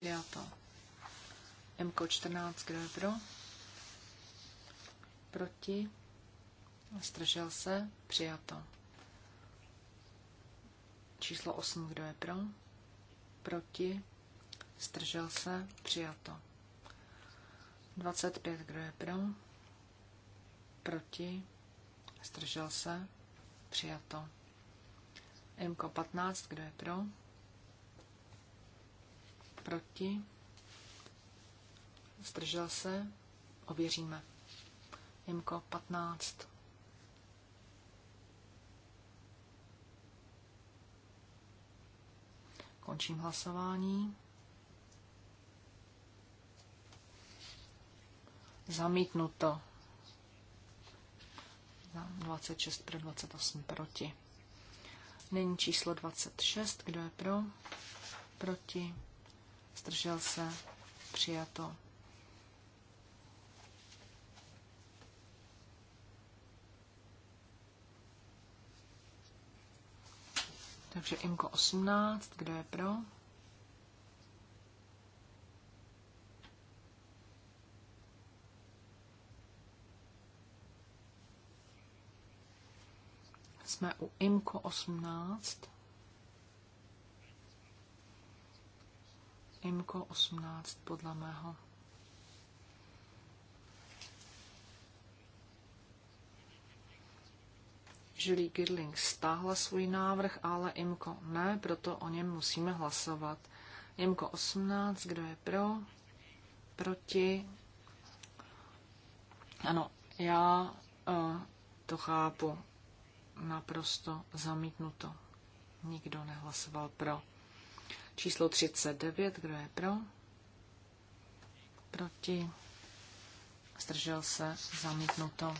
Přijato. MK14, kdo je pro? Proti? Zdržel se? Přijato. Číslo 8, kdo je pro? Proti? Zdržel se? Přijato. 25, kdo je pro? Proti? Zdržel se? Přijato. MK15, kdo je pro? Proti? Zdržel se? Ověříme. Jemko 15. Končím hlasování. Zamítnuto. 26 pro 28 proti. Nyní číslo 26. Kdo je pro? Proti zdržel se, přijato. Takže IMKO 18, kdo je pro? Jsme u IMKO 18. Imko 18 podle mého. Žilí Girling stáhla svůj návrh, ale Imko ne, proto o něm musíme hlasovat. Imko 18, kdo je pro? Proti? Ano, já uh, to chápu. Naprosto zamítnuto. Nikdo nehlasoval pro. Číslo 39, kdo je pro? Proti? Zdržel se? Zamítnuto.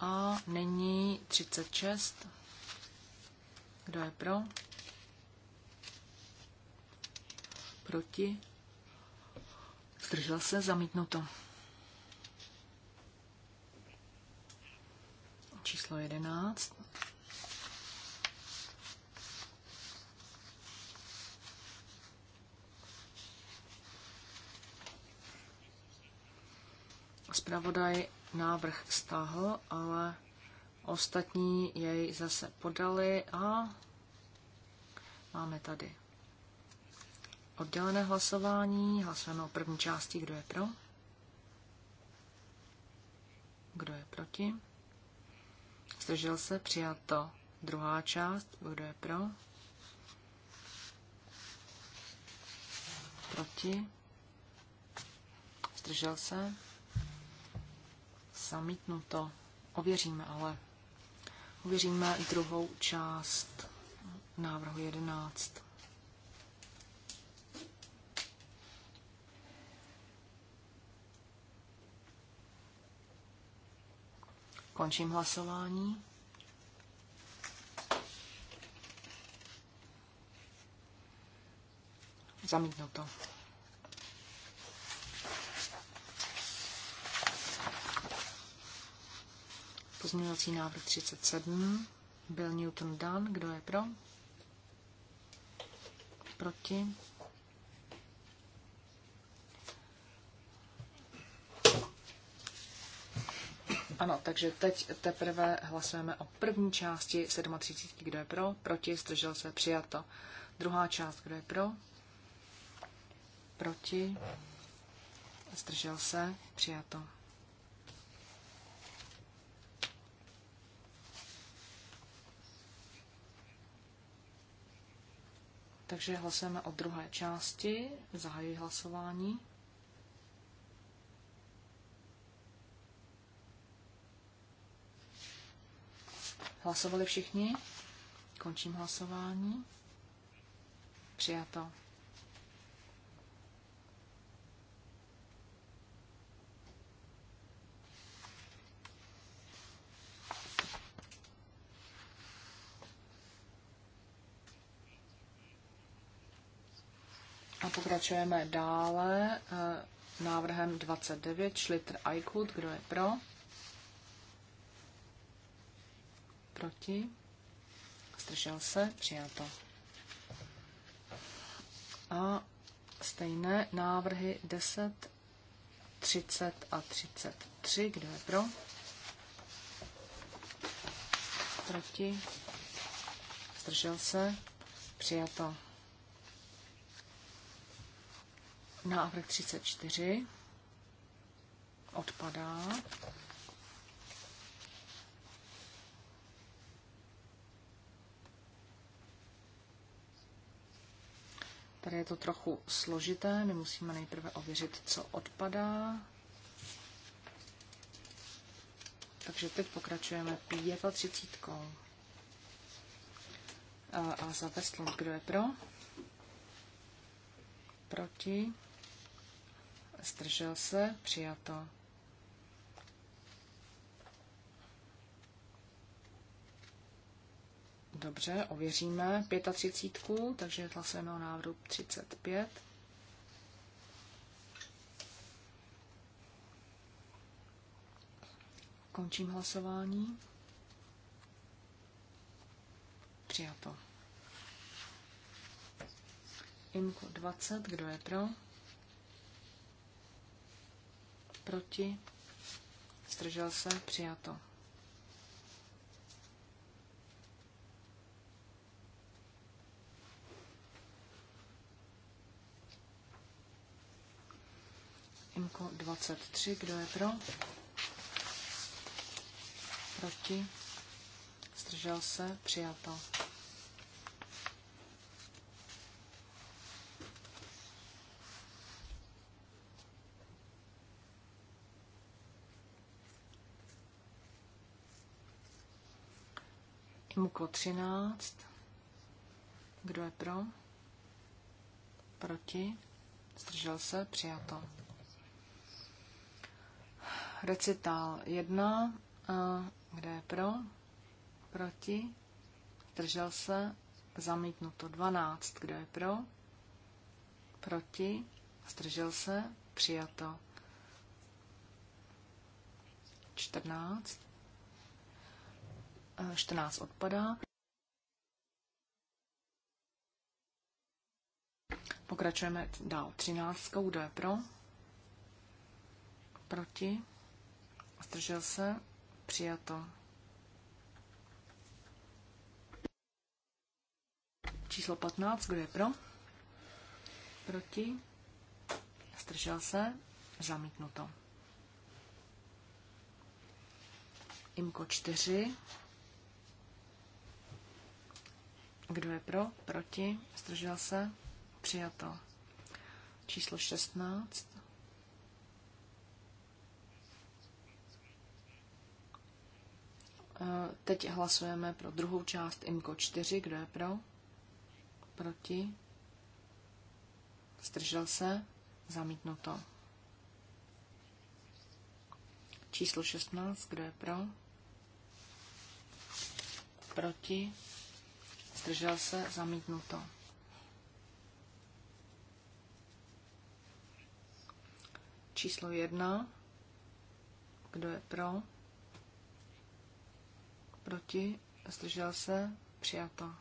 A nyní 36. Kdo je pro? Proti? Zdržel se? Zamítnuto. Číslo 11. Spravodaj návrh stáhl, ale ostatní jej zase podali a máme tady oddělené hlasování. Hlasujeme o první části, kdo je pro, kdo je proti. Zdržel se, to druhá část, kdo je pro, proti, zdržel se, Zamítnuto. Ověříme ale. Ověříme druhou část návrhu 11. Končím hlasování. Zamítnuto. to. Pozměňovací návrh 37 byl Newton Dan. Kdo je pro? Proti? Ano, takže teď teprve hlasujeme o první části 37. Kdo je pro? Proti? Zdržel se? Přijato. Druhá část. Kdo je pro? Proti? Zdržel se? Přijato. Takže hlasujeme o druhé části. Zahajuji hlasování. Hlasovali všichni? Končím hlasování. Přijato. pokračujeme dále eh, návrhem 29, šlitr Aikut, kdo je pro? Proti? Zdržel se? Přijato. A stejné návrhy 10, 30 a 33, kdo je pro? Proti? Zdržel se? Přijato. Návrh 34 odpadá. Tady je to trochu složité, my musíme nejprve ověřit, co odpadá. Takže teď pokračujeme 35. A, a za Westlund, kdo je pro? Proti? zdržel se, přijato. Dobře, ověříme 35, takže hlasujeme o návrhu 35. Končím hlasování. Přijato. Imko 20, kdo je pro? Proti? Zdržel se? Přijato. Imko 23. Kdo je pro? Proti? Zdržel se? Přijato. Muko 13. Kdo je pro? Proti? Zdržel se? Přijato. Recital 1. Kde je pro? Proti? Zdržel se? Zamítnuto 12. Kdo je pro? Proti? Zdržel se? Přijato. 14. 14 odpadá. Pokračujeme dál 13. Kdo je pro? Proti? Zdržel se? Přijato. Číslo 15. Kdo je pro? Proti? Zdržel se? Zamítnuto. Imko 4. Kdo je pro? Proti? Zdržel se? Přijato. Číslo 16. Eh, teď hlasujeme pro druhou část IMKO 4. Kdo je pro? Proti? Zdržel se? Zamítnuto. Číslo 16. Kdo je pro? Proti? zdržel se, zamítnuto. Číslo jedna, kdo je pro, proti, zdržel se, přijato.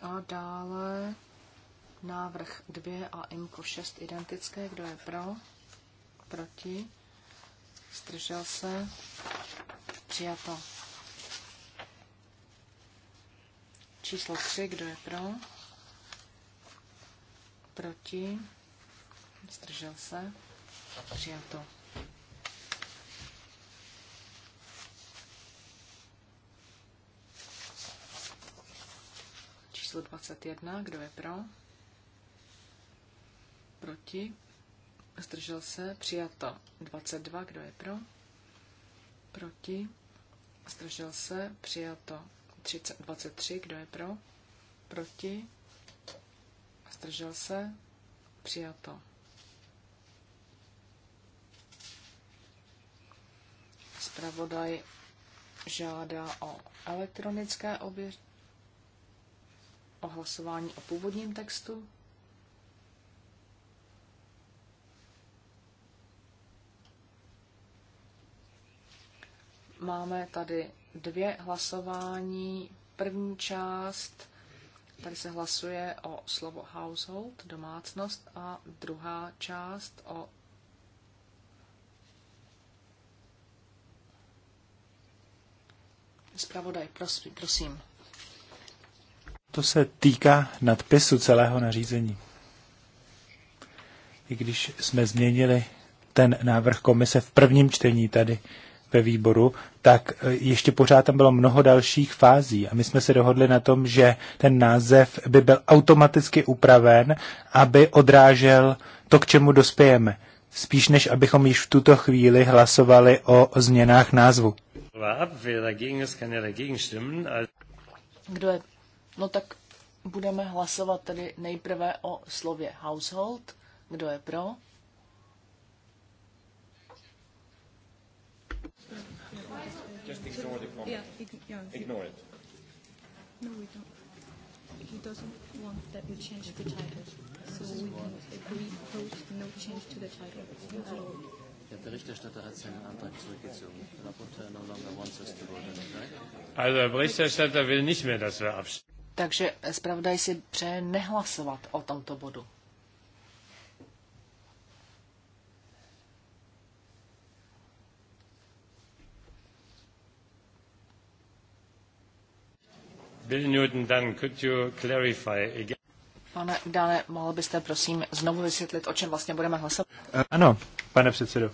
A dále návrh 2 a IMKO 6 identické. Kdo je pro? Proti? Zdržel se? Přijato. Číslo 3. Kdo je pro? Proti? Zdržel se? Přijato. číslo 21. Kdo je pro? Proti? Zdržel se? Přijato. 22. Kdo je pro? Proti? Zdržel se? Přijato. 30, 23. Kdo je pro? Proti? Zdržel se? Přijato. Zpravodaj žádá o elektronické ověření o hlasování o původním textu. Máme tady dvě hlasování. První část, tady se hlasuje o slovo household, domácnost, a druhá část o Zpravodaj, prosím. prosím. To se týká nadpisu celého nařízení. I když jsme změnili ten návrh komise v prvním čtení tady ve výboru, tak e, ještě pořád tam bylo mnoho dalších fází a my jsme se dohodli na tom, že ten název by byl automaticky upraven, aby odrážel to, k čemu dospějeme, spíš než abychom již v tuto chvíli hlasovali o změnách názvu. Kdo je No tak budeme hlasovat tedy nejprve o slově household. Kdo je pro? Just ignore the comment. Yeah, ignore, it. No, we don't. He doesn't want that we change the title, so we can agree no change to the title Der Berichterstatter hat seinen Antrag zurückgezogen. Also der Berichterstatter will nicht mehr, dass wir abstimmen. Takže zpravodaj si přeje nehlasovat o tomto bodu. Bill Newton, then could you clarify again? Pane Dále, mohl byste prosím znovu vysvětlit, o čem vlastně budeme hlasovat? Ano, pane předsedo.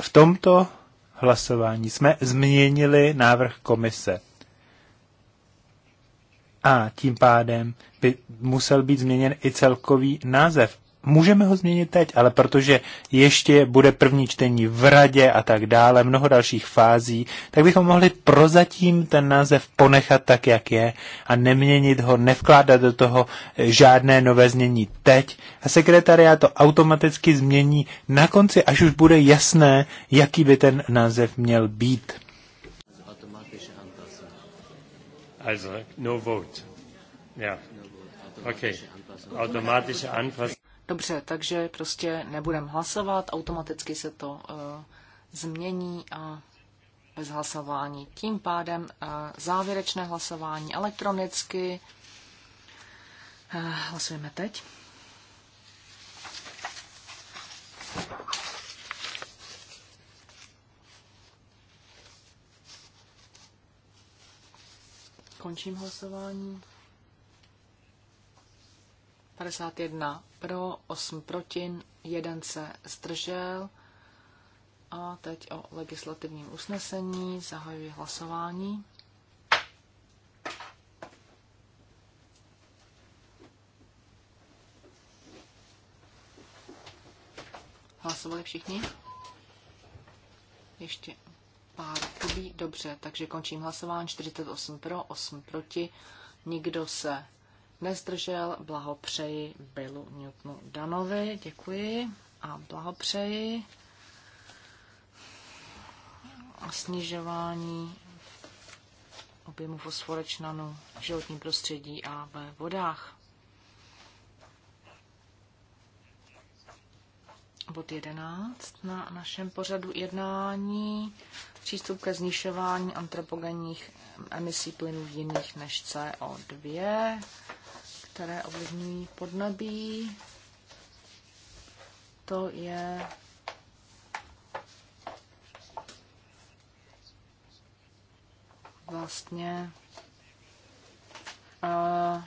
V tomto hlasování jsme změnili návrh komise a tím pádem by musel být změněn i celkový název. Můžeme ho změnit teď, ale protože ještě bude první čtení v radě a tak dále, mnoho dalších fází, tak bychom mohli prozatím ten název ponechat tak, jak je a neměnit ho, nevkládat do toho žádné nové změní teď. A sekretariát to automaticky změní na konci, až už bude jasné, jaký by ten název měl být. Also, no vote. Yeah. Okay. Automatische Anpassung. Dobře, takže prostě nebudem hlasovat, automaticky se to uh, změní a bez hlasování. Tím pádem uh, závěrečné hlasování elektronicky. Uh, hlasujeme teď. Končím hlasování. 51 pro, 8 proti, 1 se zdržel. A teď o legislativním usnesení zahajuji hlasování. Hlasovali všichni? Ještě pár chybí. Dobře, takže končím hlasování. 48 pro, 8 proti. Nikdo se nezdržel. Blahopřeji Billu Newtonu Danovi. Děkuji a blahopřeji. A snižování objemu fosforečnanu v životním prostředí a ve vodách. bod 11 na našem pořadu jednání přístup ke znišování antropogenních emisí plynů jiných než CO2, které ovlivňují podnebí. To je vlastně uh,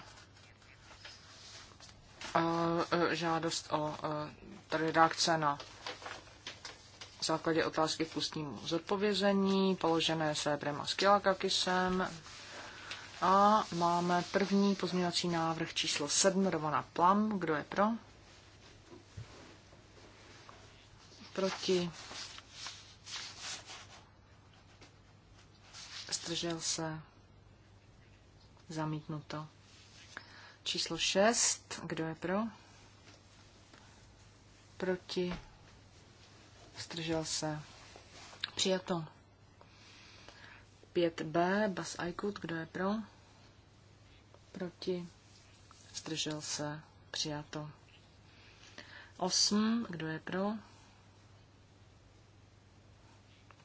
uh, žádost o uh, reakce na základě otázky k ústnímu zodpovězení, položené Sébrem a Skilakakisem. A máme první pozměňovací návrh číslo 7, Rovana Plam. Kdo je pro? Proti? Zdržel se? Zamítnuto. Číslo 6, kdo je pro? Proti? Zdržel se. Přijato. 5b, Bas Aikut, kdo je pro? Proti. Zdržel se. Přijato. 8, kdo je pro?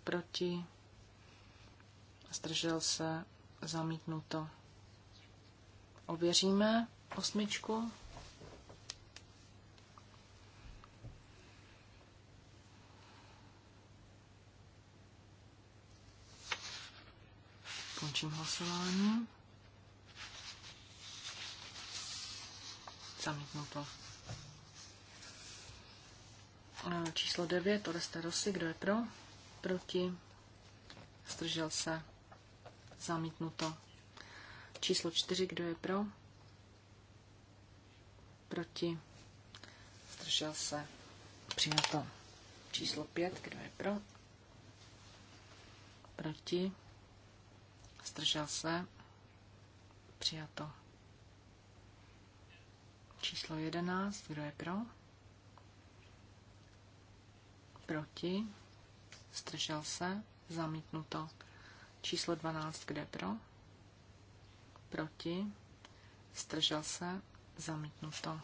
Proti. Zdržel se. Zamítnuto. Ověříme osmičku. Končím hlasování. Zamítnuto. E, číslo 9, Oreste Rossi, kdo je pro? Proti? Zdržel se? Zamítnuto. Číslo 4, kdo je pro? Proti? Zdržel se? Přijato. Číslo 5, kdo je pro? Proti? zdržel se, přijato. Číslo 11, kdo je pro? Proti, zdržel se, zamítnuto. Číslo 12, kde je pro? Proti, zdržel se, zamítnuto.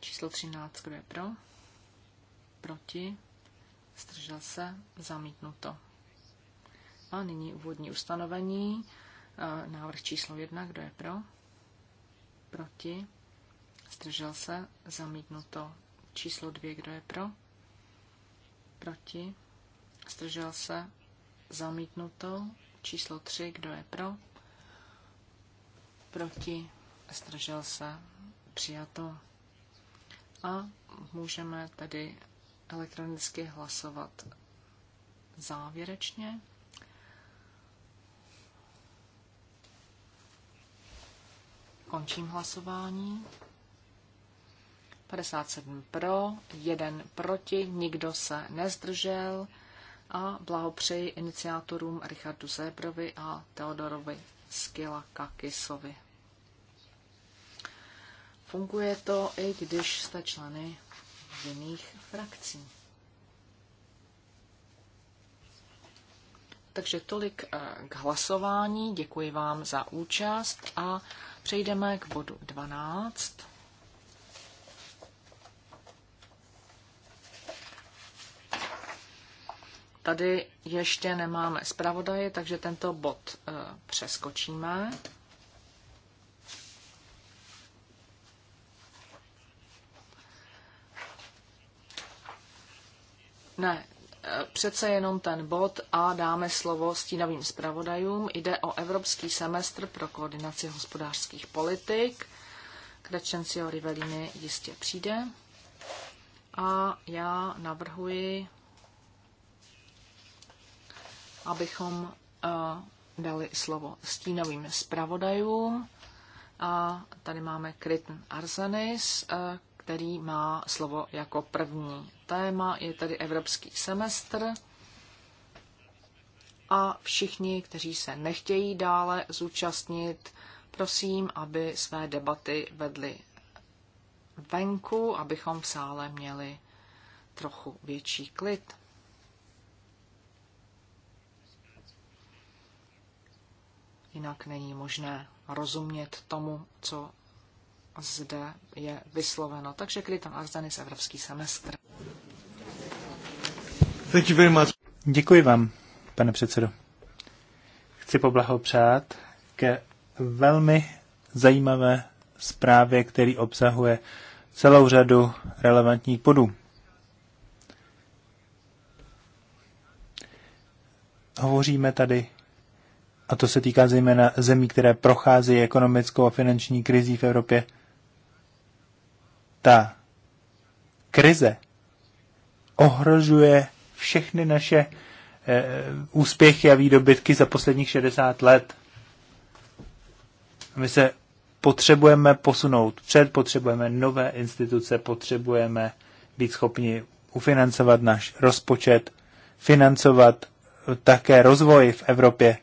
Číslo 13, kdo je pro? Proti, zdržel se, zamítnuto. A nyní úvodní ustanovení. E, návrh číslo jedna, kdo je pro? Proti? Zdržel se? Zamítnuto. Číslo dvě, kdo je pro? Proti? Zdržel se? Zamítnuto. Číslo tři, kdo je pro? Proti? Zdržel se? Přijato. A můžeme tedy elektronicky hlasovat závěrečně. Končím hlasování. 57 pro, 1 proti, nikdo se nezdržel a blahopřeji iniciátorům Richardu Zébrovi a Teodorovi Skila Kakisovi. Funguje to, i když jste členy jiných frakcí. Takže tolik eh, k hlasování. Děkuji vám za účast a Přejdeme k bodu 12. Tady ještě nemáme zpravodaje, takže tento bod eh, přeskočíme. Ne, přece jenom ten bod a dáme slovo stínovým zpravodajům. Jde o Evropský semestr pro koordinaci hospodářských politik. Krečencio Rivellini jistě přijde. A já navrhuji, abychom eh, dali slovo stínovým zpravodajům. A tady máme Kryten Arzenis, eh, který má slovo jako první. Téma je tedy evropský semestr a všichni, kteří se nechtějí dále zúčastnit, prosím, aby své debaty vedli venku, abychom v sále měli trochu větší klid. Jinak není možné rozumět tomu, co zde je vysloveno. Takže Kryton Arzenis, Evropský semestr. Thank you very much. Děkuji vám, pane předsedo. Chci poblahopřát ke velmi zajímavé zprávě, který obsahuje celou řadu relevantních bodů. Hovoříme tady, a to se týká zejména zemí, které prochází ekonomickou a finanční krizí v Evropě, ta krize ohrožuje všechny naše eh, úspěchy a výdobytky za posledních 60 let. My se potřebujeme posunout před, potřebujeme nové instituce, potřebujeme být schopni ufinancovat náš rozpočet, financovat také rozvoj v Evropě.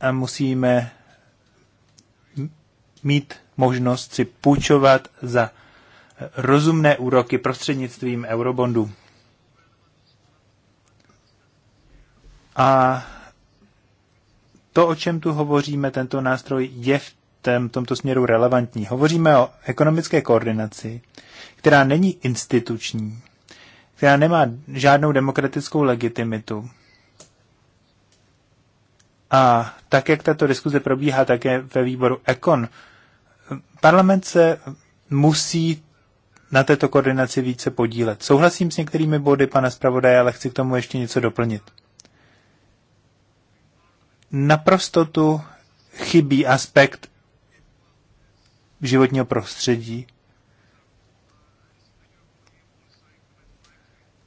A musíme mít možnost si půjčovat za rozumné úroky prostřednictvím eurobondů. A to, o čem tu hovoříme, tento nástroj je v tém, tomto směru relevantní. Hovoříme o ekonomické koordinaci, která není instituční, která nemá žádnou demokratickou legitimitu. A tak, jak tato diskuze probíhá také ve výboru Ekon, Parlament se musí na této koordinaci více podílet. Souhlasím s některými body pana zpravodaje, ale chci k tomu ještě něco doplnit. Naprosto tu chybí aspekt životního prostředí.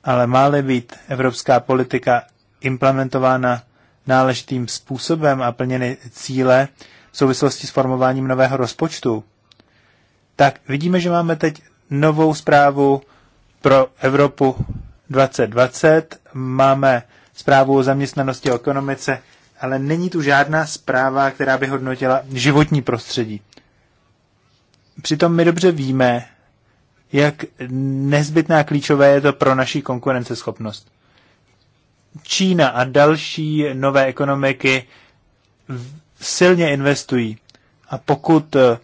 Ale má být evropská politika implementována náležitým způsobem a plněny cíle, v souvislosti s formováním nového rozpočtu, tak vidíme, že máme teď novou zprávu pro Evropu 2020, máme zprávu o zaměstnanosti a ekonomice, ale není tu žádná zpráva, která by hodnotila životní prostředí. Přitom my dobře víme, jak nezbytná klíčové je to pro naši konkurenceschopnost. Čína a další nové ekonomiky silně investují. A pokud eh,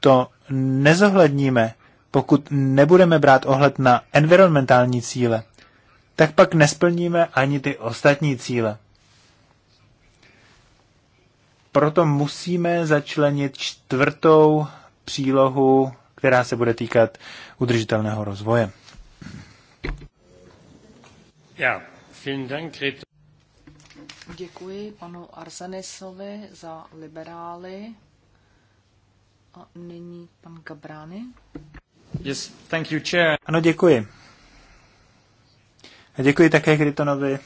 to nezohledníme, pokud nebudeme brát ohled na environmentální cíle, tak pak nesplníme ani ty ostatní cíle. Proto musíme začlenit čtvrtou přílohu, která se bude týkat udržitelného rozvoje. Ja, vielen Dank, Děkuji panu Arzanisovi za liberály. A nyní pan Gabrány. Yes, thank you, chair. Ano, děkuji. A děkuji také Krytonovi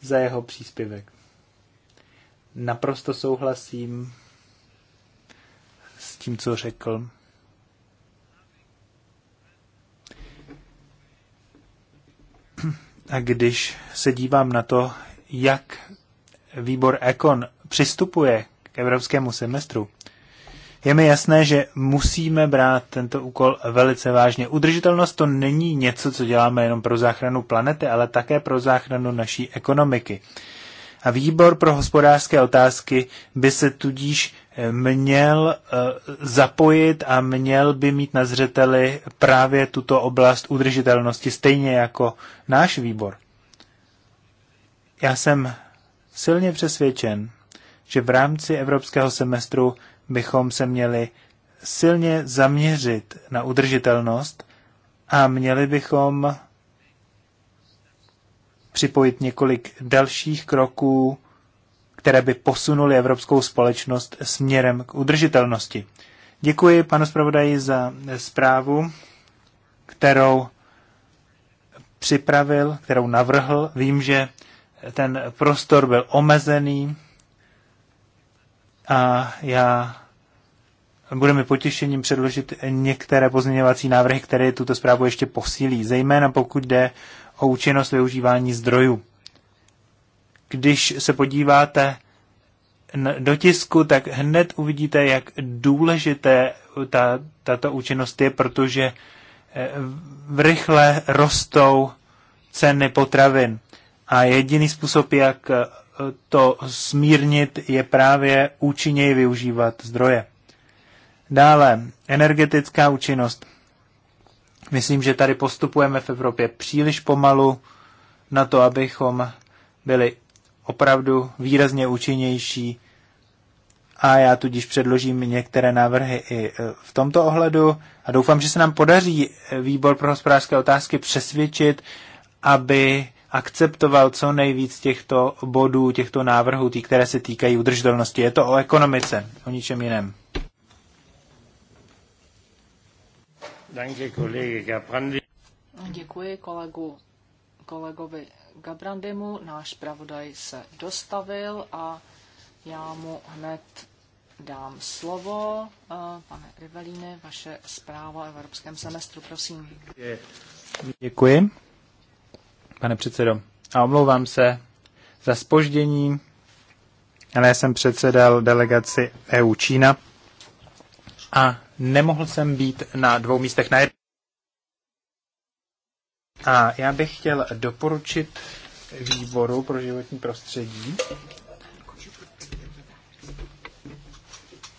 za jeho příspěvek. Naprosto souhlasím s tím, co řekl. A když se dívám na to, jak výbor Econ přistupuje k evropskému semestru, je mi jasné, že musíme brát tento úkol velice vážně. Udržitelnost to není něco, co děláme jenom pro záchranu planety, ale také pro záchranu naší ekonomiky. A výbor pro hospodářské otázky by se tudíž eh, měl eh, zapojit a měl by mít na zřeteli právě tuto oblast udržitelnosti, stejně jako náš výbor. Já jsem silně přesvědčen, že v rámci evropského semestru bychom se měli silně zaměřit na udržitelnost a měli bychom připojit několik dalších kroků, které by posunuly evropskou společnost směrem k udržitelnosti. Děkuji panu zpravodaji za zprávu, kterou připravil, kterou navrhl. Vím, že ten prostor byl omezený a já budeme potěšením předložit některé pozměňovací návrhy, které tuto zprávu ještě posílí, zejména pokud jde o účinnost využívání zdrojů. Když se podíváte do tisku, tak hned uvidíte, jak důležité ta, tato účinnost je, protože eh, v rychle rostou ceny potravin. A jediný způsob, jak eh, to smírnit, je právě účinněji využívat zdroje. Dále, energetická účinnost. Myslím, že tady postupujeme v Evropě příliš pomalu na to, abychom byli opravdu výrazně účinnější a já tudíž předložím některé návrhy i eh, v tomto ohledu a doufám, že se nám podaří eh, výbor pro hospodářské otázky přesvědčit, aby akceptoval co nejvíc těchto bodů, těchto návrhů, tý, které se týkají udržitelnosti. Je to o ekonomice, o ničem jiném. Děkuji kolegu, kolegovi Gabrandemu. Náš pravodaj se dostavil a já mu hned dám slovo. Eh, pane Rivelíne, vaše zpráva o evropském semestru, prosím. Děkuji pane předsedo. A omlouvám se za spoždění, ale já jsem předsedal delegaci EU Čína a nemohl jsem být na dvou místech na jednou. A já bych chtěl doporučit výboru pro životní prostředí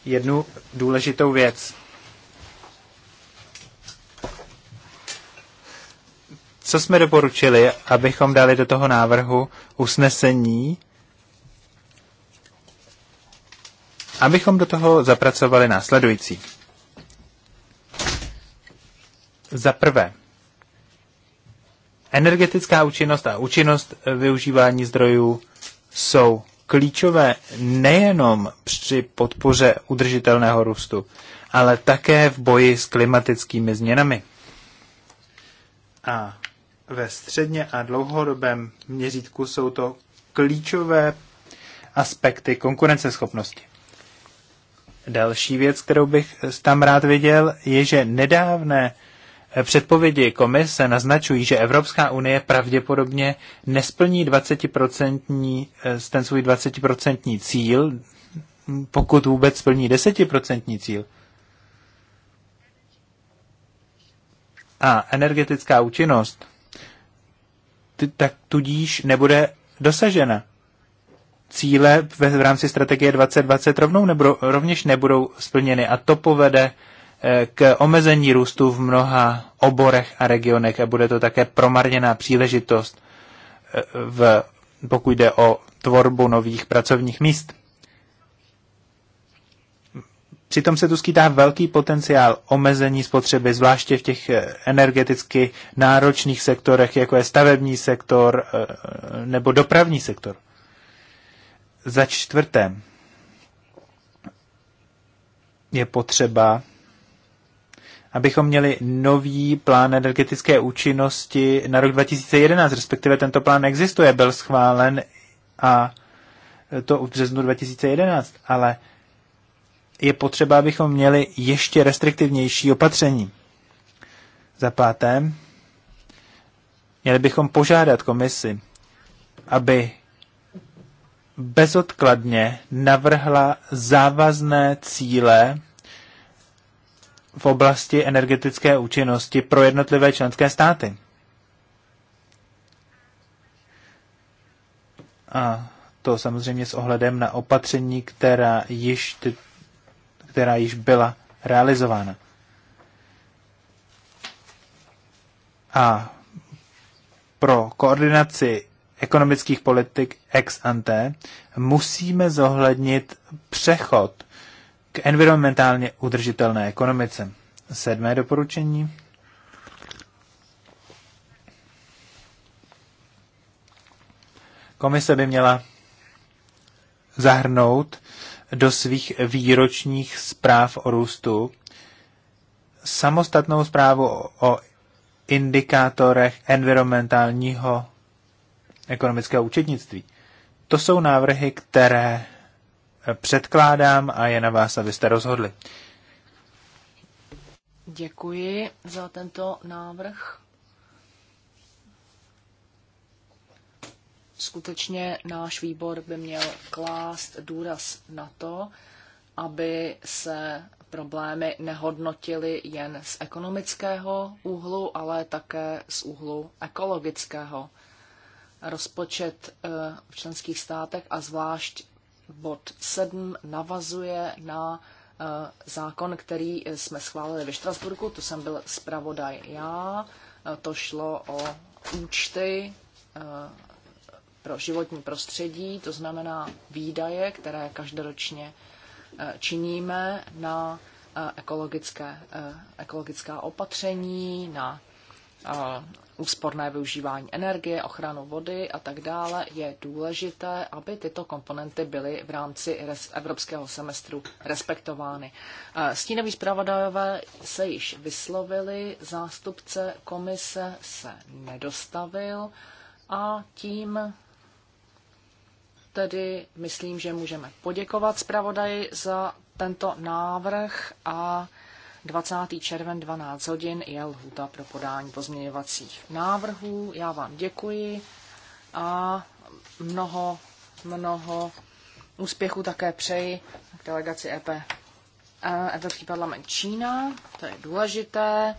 jednu důležitou věc. Co jsme doporučili, abychom dali do toho návrhu usnesení, abychom do toho zapracovali následující. Za prvé, energetická účinnost a účinnost využívání zdrojů jsou klíčové nejenom při podpoře udržitelného růstu, ale také v boji s klimatickými změnami. A ve středně a dlouhodobém měřítku jsou to klíčové aspekty konkurenceschopnosti. Další věc, kterou bych tam rád viděl, je, že nedávné předpovědi komise naznačují, že Evropská unie pravděpodobně nesplní 20% eh, ten svůj 20% cíl, pokud vůbec splní 10% cíl. A energetická účinnost tak tudíž nebude dosažena. Cíle v, v rámci strategie 2020 rovnou nebudou, rovněž nebudou splněny a to povede eh, k omezení růstu v mnoha oborech a regionech a bude to také promarněná příležitost, eh, v, pokud jde o tvorbu nových pracovních míst. Přitom se tu skýtá velký potenciál omezení spotřeby, zvláště v těch eh, energeticky náročných sektorech, jako je stavební sektor eh, nebo dopravní sektor. Za čtvrté je potřeba, abychom měli nový plán energetické účinnosti na rok 2011, respektive tento plán existuje, byl schválen a to v březnu 2011, ale je potřeba, abychom měli ještě restriktivnější opatření. Za páté, měli bychom požádat komisi, aby bezodkladně navrhla závazné cíle v oblasti energetické účinnosti pro jednotlivé členské státy. A to samozřejmě s ohledem na opatření, která již která již byla realizována. A pro koordinaci ekonomických politik ex ante musíme zohlednit přechod k environmentálně udržitelné ekonomice. Sedmé doporučení. Komise by měla zahrnout do svých výročních zpráv o růstu samostatnou zprávu o indikátorech environmentálního ekonomického účetnictví. To jsou návrhy, které předkládám a je na vás, abyste rozhodli. Děkuji za tento návrh. skutečně náš výbor by měl klást důraz na to, aby se problémy nehodnotily jen z ekonomického úhlu, ale také z úhlu ekologického. Rozpočet eh, v členských státech a zvlášť bod 7 navazuje na eh, zákon, který jsme schválili ve Štrasburku, to jsem byl zpravodaj já, eh, to šlo o účty pro životní prostředí, to znamená výdaje, které každoročně eh, činíme na eh, ekologické, eh, ekologická opatření, na úsporné využívání energie, ochranu vody a tak dále, je důležité, aby tyto komponenty byly v rámci evropského semestru respektovány. Stínoví zpravodajové se již vyslovili, zástupce komise se nedostavil a tím tedy myslím, že můžeme poděkovat zpravodaji za tento návrh a 20. červen 12 hodin je lhůta pro podání pozměňovacích návrhů. Já vám děkuji a mnoho, mnoho úspěchu také přeji k delegaci EP. E, Evropský parlament Čína, to je důležité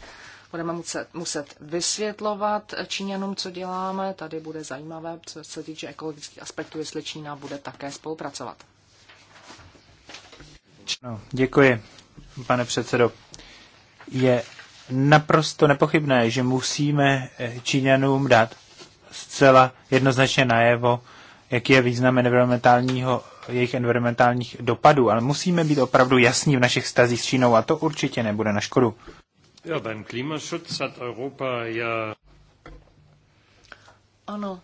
budeme muset, muset vysvětlovat Číňanům, co děláme. Tady bude zajímavé, co se týče ekologických aspektů, jestli Čína bude také spolupracovat. No, děkuji, pane předsedo. Je naprosto nepochybné, že musíme eh, Číňanům dát zcela jednoznačně najevo, jaký je význam environmentálního, jejich environmentálních dopadů, ale musíme být opravdu jasní v našich stazích s Čínou a to určitě nebude na škodu. Ano,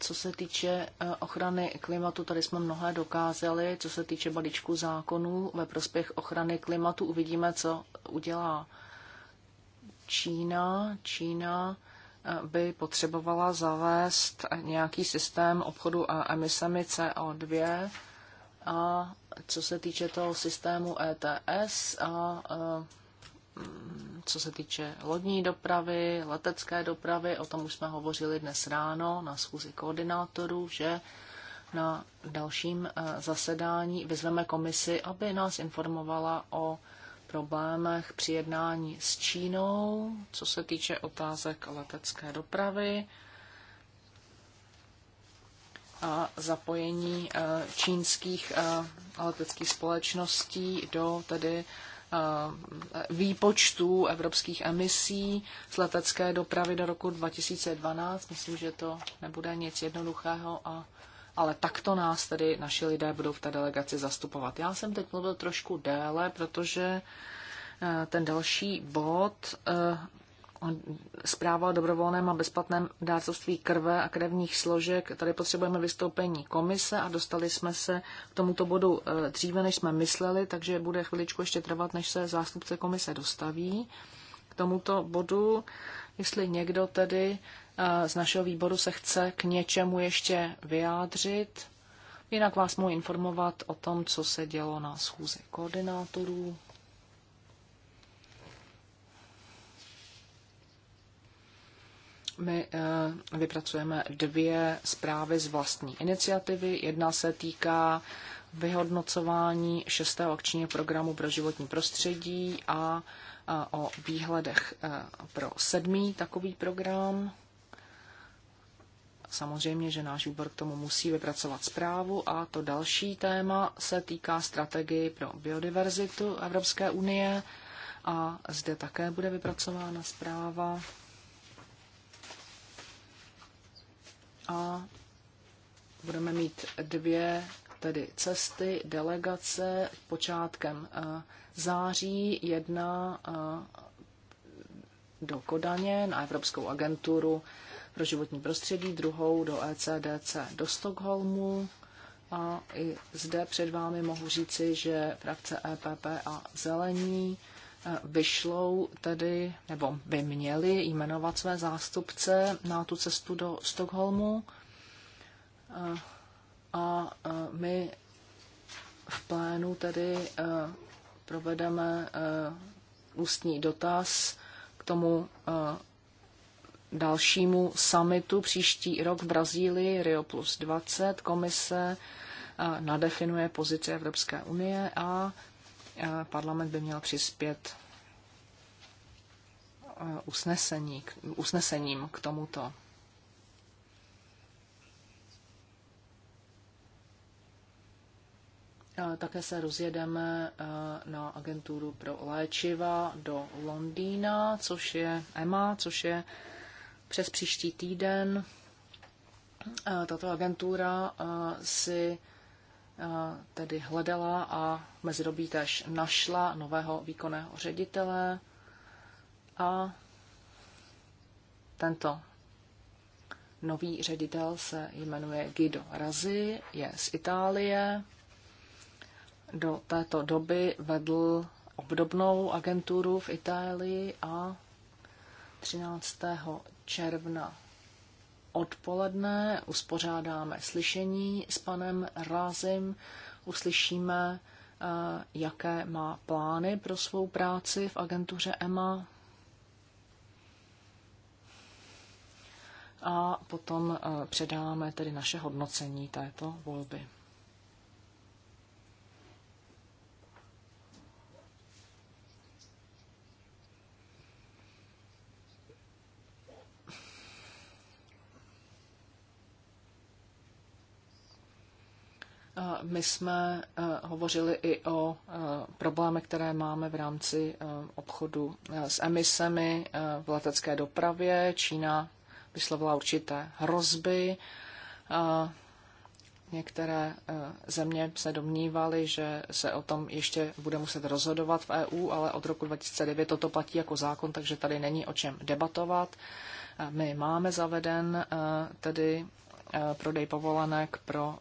co se týče eh, ochrany klimatu, tady jsme mnohé dokázali. Co se týče balíčku zákonů ve prospěch ochrany klimatu, uvidíme, co udělá Čína. Čína eh, by potřebovala zavést nějaký systém obchodu a emisemi CO2 a co se týče toho systému ETS a eh, Mm, co se týče lodní dopravy, letecké dopravy, o tom už jsme hovořili dnes ráno na schůzi koordinátorů, že na dalším eh, zasedání vyzveme komisi, aby nás informovala o problémech při jednání s Čínou, co se týče otázek letecké dopravy a zapojení eh, čínských eh, leteckých společností do tedy Eh, výpočtů evropských emisí z letecké dopravy do roku 2012. Myslím, že to nebude nic jednoduchého, a, ale takto nás tedy naši lidé budou v té delegaci zastupovat. Já jsem teď mluvil trošku déle, protože eh, ten další bod eh, zpráva o dobrovolném a bezplatném dárcovství krve a krevních složek. Tady potřebujeme vystoupení komise a dostali jsme se k tomuto bodu eh, dříve, než jsme mysleli, takže bude chviličku ještě trvat, než se zástupce komise dostaví k tomuto bodu. Jestli někdo tedy eh, z našeho výboru se chce k něčemu ještě vyjádřit, jinak vás mohu informovat o tom, co se dělo na schůzi koordinátorů. my eh, vypracujeme dvě zprávy z vlastní iniciativy. Jedna se týká vyhodnocování šestého akčního programu pro životní prostředí a eh, o výhledech eh, pro sedmý takový program. Samozřejmě, že náš výbor k tomu musí vypracovat zprávu a to další téma se týká strategii pro biodiverzitu Evropské unie a zde také bude vypracována zpráva. a budeme mít dvě tedy cesty, delegace počátkem eh, září, jedna eh, do Kodaně na Evropskou agenturu pro životní prostředí, druhou do ECDC do Stockholmu. A i zde před vámi mohu říci, že frakce EPP a Zelení vyšlou tedy, nebo by měli jmenovat své zástupce na tu cestu do Stockholmu. A my v plénu tedy e, provedeme e, ústní dotaz k tomu e, dalšímu summitu příští rok v Brazílii Rio plus 20. Komise nadefinuje pozici Evropské unie a Eh, parlament by měl přispět eh, usnesení, k, usnesením k tomuto. Eh, také se rozjedeme na agenturu pro léčiva do Londýna, což je EMA, což je přes příští týden. Tato agentura si Eh, tedy hledala a mezidobí tež našla nového výkonného ředitele a tento nový ředitel se jmenuje Guido Razi, je z Itálie. Do této doby vedl obdobnou agenturu v Itálii a 13. června odpoledne uspořádáme slyšení s panem Rázim, uslyšíme, eh, jaké má plány pro svou práci v agentuře EMA. A potom eh, předáme tedy naše hodnocení této volby. my jsme eh, hovořili i o eh, problémech, které máme v rámci eh, obchodu s emisemi v letecké dopravě. Čína vyslovila určité hrozby. Některé země se domnívaly, že se o tom ještě bude muset rozhodovat v EU, ale od roku 2009 toto platí jako zákon, takže tady není o čem debatovat. My máme zaveden tedy prodej povolenek pro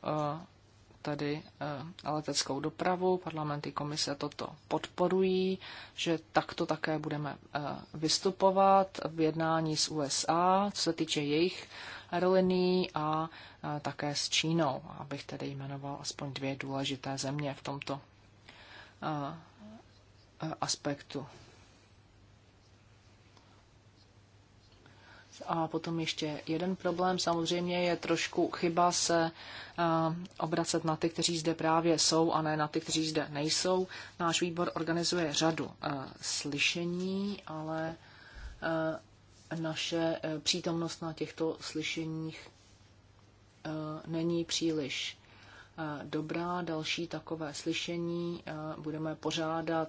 tedy eh, leteckou dopravu. Parlament i komise toto podporují, že takto také budeme eh, vystupovat v jednání s USA, co se týče jejich aerolinií a eh, také s Čínou, abych tedy jmenoval aspoň dvě důležité země v tomto aspektu. A potom ještě jeden problém, samozřejmě je trošku chyba se eh, obracet na ty, kteří zde právě jsou a ne na ty, kteří zde nejsou. Náš výbor organizuje řadu eh, slyšení, ale eh, naše přítomnost na těchto slyšeních není příliš dobrá. Další takové slyšení budeme pořádat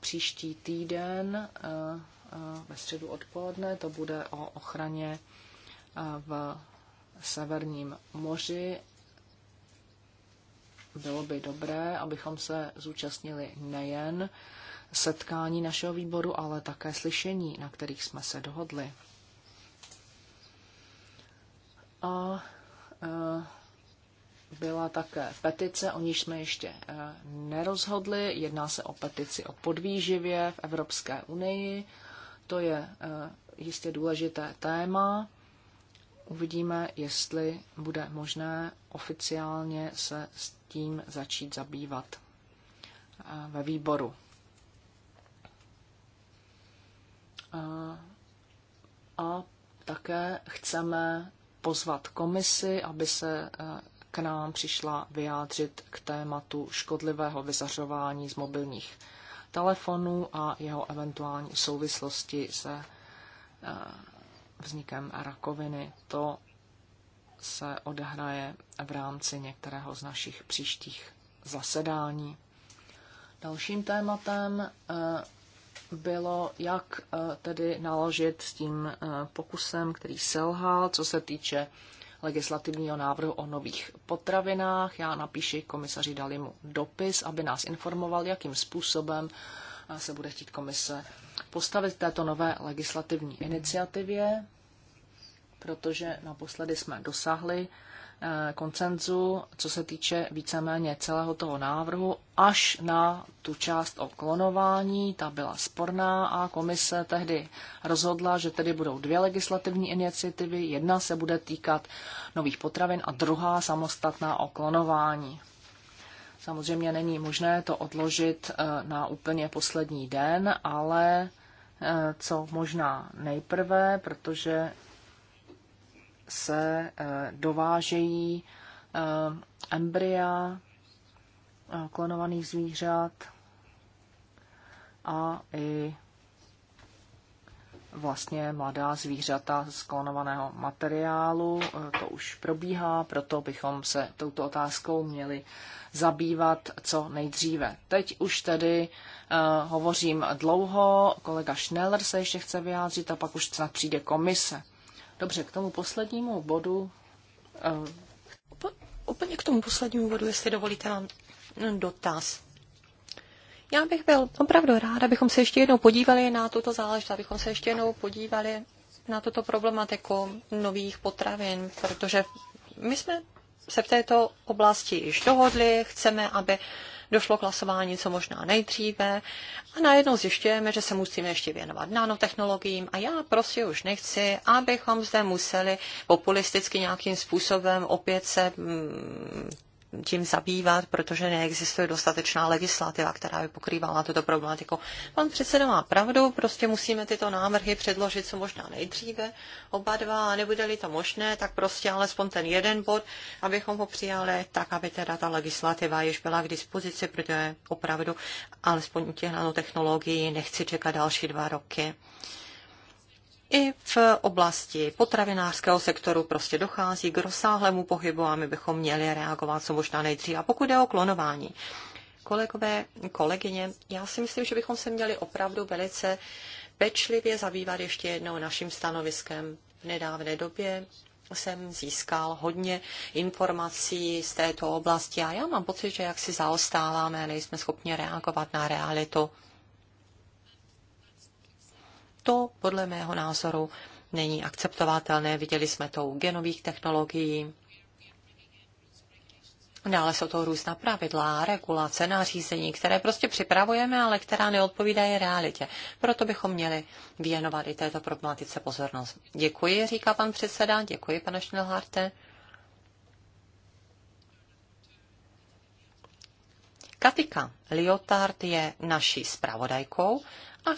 příští týden ve středu odpoledne. To bude o ochraně eh, v Severním moři. Bylo by dobré, abychom se zúčastnili nejen setkání našeho výboru, ale také slyšení, na kterých jsme se dohodli. A eh, byla také petice, o níž jsme ještě eh, nerozhodli. Jedná se o petici o podvýživě v Evropské unii. To je eh, jistě důležité téma. Uvidíme, jestli bude možné oficiálně se s tím začít zabývat eh, ve výboru. Eh, a také chceme pozvat komisi, aby se k nám přišla vyjádřit k tématu škodlivého vyzařování z mobilních telefonu a jeho eventuální souvislosti se eh, vznikem rakoviny. To se odehraje v rámci některého z našich příštích zasedání. Dalším tématem eh, bylo, jak eh, tedy naložit s tím pokusem, který selhal, co se týče legislativního návrhu o nových potravinách. Já napíši komisaři Dalimu dopis, aby nás informoval, jakým způsobem eh, se bude chtít komise postavit této nové legislativní iniciativě, protože naposledy jsme dosáhli Eh, koncenzu, co se týče víceméně celého toho návrhu, až na tu část o klonování, ta byla sporná a komise tehdy rozhodla, že tedy budou dvě legislativní iniciativy, jedna se bude týkat nových potravin a druhá samostatná o klonování. Samozřejmě není možné to odložit eh, na úplně poslední den, ale eh, co možná nejprve, protože se eh, dovážejí eh, embrya eh, klonovaných zvířat a i vlastně mladá zvířata z klonovaného materiálu. To už probíhá, proto bychom se touto otázkou měli zabývat co nejdříve. Teď už tedy uh, hovořím dlouho, kolega Schneller se ještě chce vyjádřit a pak už snad přijde komise. Dobře, k tomu poslednímu bodu. Eh, úplně k tomu poslednímu bodu, jestli dovolíte mám mm, dotaz. Já bych byl opravdu rád, abychom se ještě jednou podívali na tuto záležitost, abychom se ještě jednou podívali na tuto problematiku nových potravin, protože my jsme se v této oblasti již dohodli, chceme, aby uh, došlo k hlasování co možná nejdříve a najednou zjišťujeme, že se musíme ještě věnovat nanotechnologiím a já prostě už nechci, abychom zde museli populisticky nějakým způsobem opět se mm, tím zabývat, protože neexistuje dostatečná legislativa, která by pokrývala tuto problematiku. Pan předseda má pravdu, prostě musíme tyto návrhy předložit co možná nejdříve, oba dva, a nebude-li to možné, tak prostě alespoň ten jeden bod, abychom ho přijali, tak aby teda ta legislativa již byla k dispozici, protože opravdu alespoň u těch nanotechnologií nechci čekat další dva roky. I v oblasti potravinářského sektoru prostě dochází k rozsáhlému pohybu a my bychom měli reagovat co možná nejdříve. A pokud jde o klonování, kolegové, kolegyně, já si myslím, že bychom se měli opravdu velice pečlivě zabývat ještě jednou naším stanoviskem. V nedávné době jsem získal hodně informací z této oblasti a já mám pocit, že jak si zaostáváme a nejsme schopni reagovat na realitu to podle mého názoru není akceptovatelné. Viděli jsme to u genových technologií. Dále jsou to různá pravidla, regulace, nařízení, které prostě připravujeme, ale která neodpovídají realitě. Proto bychom měli věnovat i této problematice pozornost. Děkuji, říká pan předseda, děkuji, pane Schnellharte. Katika Liotard je naší zpravodajkou a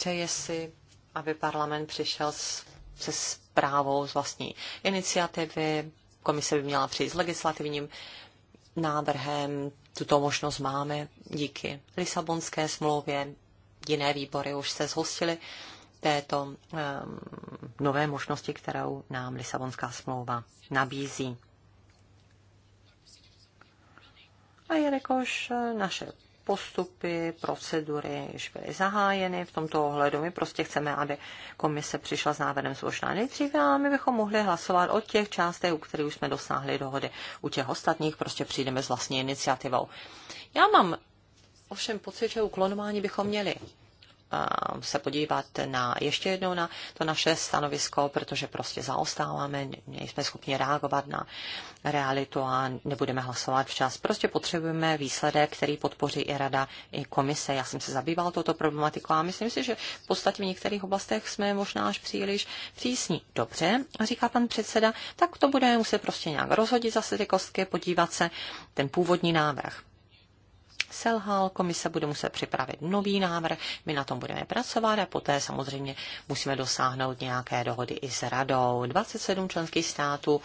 Přeje si, aby parlament přišel s, se zprávou z vlastní iniciativy, komise by měla přijít s legislativním návrhem, tuto možnost máme díky Lisabonské smlouvě, jiné výbory už se zhostily této um, nové možnosti, kterou nám Lisabonská smlouva nabízí. A jelikož e, naše postupy, procedury již byly zahájeny v tomto ohledu. My prostě chceme, aby komise přišla s návrhem zložná nejdříve a my bychom mohli hlasovat o těch částech, u kterých už jsme dosáhli dohody. U těch ostatních prostě přijdeme s vlastní iniciativou. Já mám ovšem pocit, že u klonování bychom měli Eh, se podívat na ještě jednou na to naše stanovisko, protože prostě zaostáváme, nejsme schopni reagovat na realitu a nebudeme hlasovat včas. Prostě potřebujeme výsledek, který podpoří i rada, i komise. Já jsem se zabýval touto problematikou a myslím si, že v podstatě v některých oblastech jsme možná až příliš přísní. Dobře, říká pan předseda, tak to budeme muset prostě nějak rozhodit zase ty kostky, podívat se ten původní návrh selhal, komise bude muset připravit nový návrh, my na tom budeme pracovat a poté samozřejmě musíme dosáhnout nějaké dohody i s radou. 27 členských států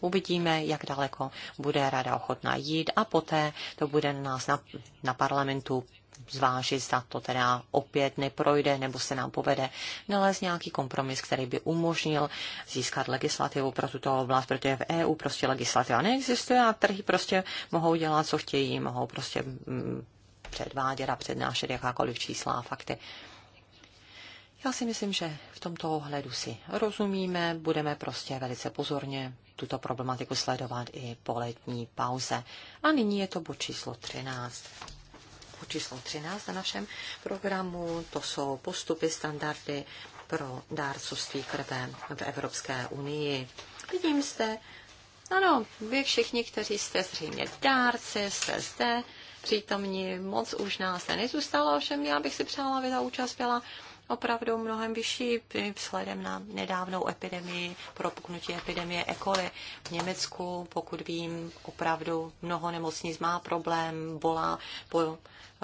uvidíme, jak daleko bude rada ochotná jít a poté to bude na nás na, na parlamentu zvážit, zda to teda opět neprojde, nebo se nám povede nalézt nějaký kompromis, který by umožnil získat legislativu pro tuto oblast, protože v EU prostě legislativa neexistuje a trhy prostě mohou dělat, co chtějí, mohou prostě mm, předvádět a přednášet jakákoliv čísla a fakty. Já si myslím, že v tomto ohledu si rozumíme, budeme prostě velice pozorně tuto problematiku sledovat i po letní pauze. A nyní je to bod číslo 13 bod číslo 13 na našem programu. To jsou postupy, standardy pro dárcovství krve v Evropské unii. Vidím zde, ano, vy všichni, kteří jste zřejmě dárci, jste zde přítomní, moc už nás nezůstalo, ovšem já bych si přála, aby ta účast byla opravdu mnohem vyšší vzhledem na nedávnou epidemii, propuknutí epidemie E. coli. V Německu, pokud vím, opravdu mnoho nemocnic má problém, bolá po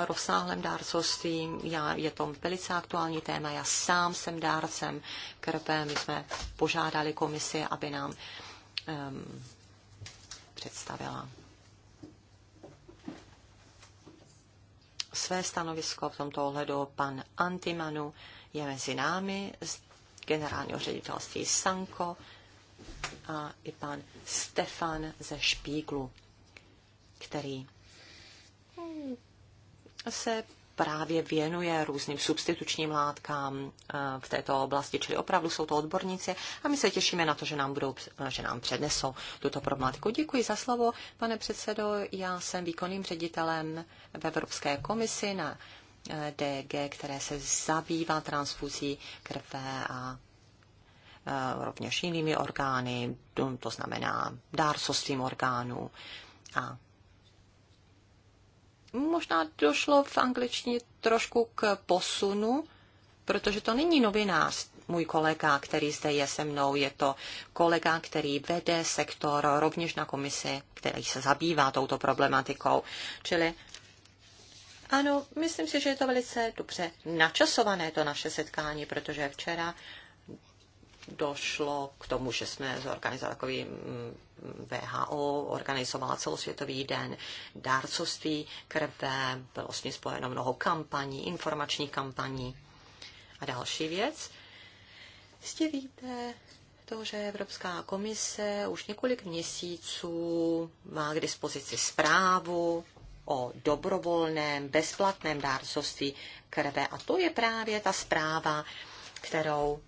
rozsáhlém dárcovství. Já, je to velice aktuální téma. Já sám jsem dárcem krve. My jsme požádali komisi, aby nám um, představila své stanovisko v tomto ohledu. Pan Antimanu je mezi námi z generálního ředitelství Sanko a i pan Stefan ze Špíglu, který se právě věnuje různým substitučním látkám eh, v této oblasti, čili opravdu jsou to odborníci a my se těšíme na to, že nám, budou, že nám přednesou tuto problematiku. Děkuji za slovo, pane předsedo. Já jsem výkonným ředitelem v Evropské komisi na eh, DG, které se zabývá transfuzí krve a eh, rovněž jinými orgány, to znamená dárcovstvím orgánů a Možná došlo v angličtině trošku k posunu, protože to není novinář, můj kolega, který zde je se mnou, je to kolega, který vede sektor rovněž na komisi, který se zabývá touto problematikou. Čili ano, myslím si, že je to velice dobře načasované, to naše setkání, protože včera došlo k tomu, že jsme zorganizovali takový mm, VHO, organizovala celosvětový den dárcovství krve, bylo s ní spojeno mnoho kampaní, informačních kampaní. A další věc, jistě víte, to, že Evropská komise už několik měsíců má k dispozici zprávu o dobrovolném, bezplatném dárcovství krve. A to je právě ta zpráva, kterou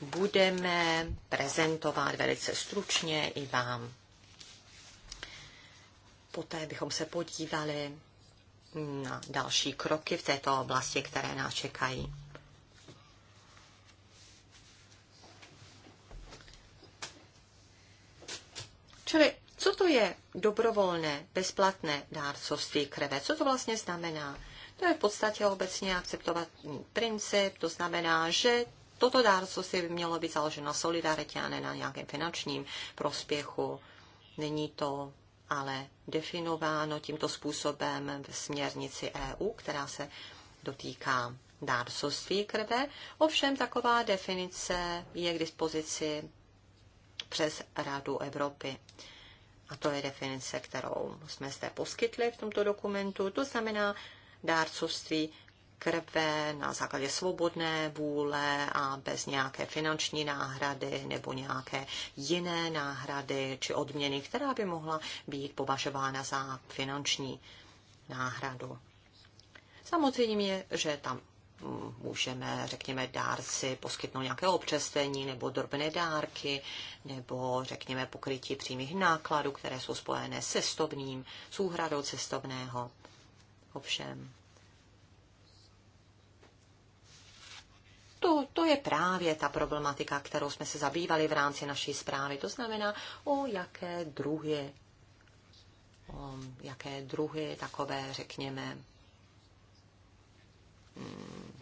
budeme prezentovat velice stručně i vám. Poté bychom se podívali na další kroky v této oblasti, které nás čekají. Čili co to je dobrovolné, bezplatné dárcovství krve? Co to vlastně znamená? To je v podstatě obecně akceptovat princip, to znamená, že toto dárcovství by mělo být založeno na solidaritě a ne na nějakém finančním prospěchu. Není to ale definováno tímto způsobem v směrnici EU, která se dotýká dárcovství krve. Ovšem taková definice je k dispozici přes Radu Evropy. A to je definice, kterou jsme zde poskytli v tomto dokumentu. To znamená dárcovství krve na základě svobodné vůle a bez nějaké finanční náhrady nebo nějaké jiné náhrady či odměny, která by mohla být považována za finanční náhradu. Samozřejmě, že tam mm, můžeme, řekněme, dárci poskytnout nějaké občerstvení nebo drobné dárky, nebo řekněme pokrytí přímých nákladů, které jsou spojené s cestovním, s úhradou cestovného. Ovšem, to, to je právě ta problematika, kterou jsme se zabývali v rámci naší zprávy. To znamená, o jaké druhy, o jaké druhy takové, řekněme, mm,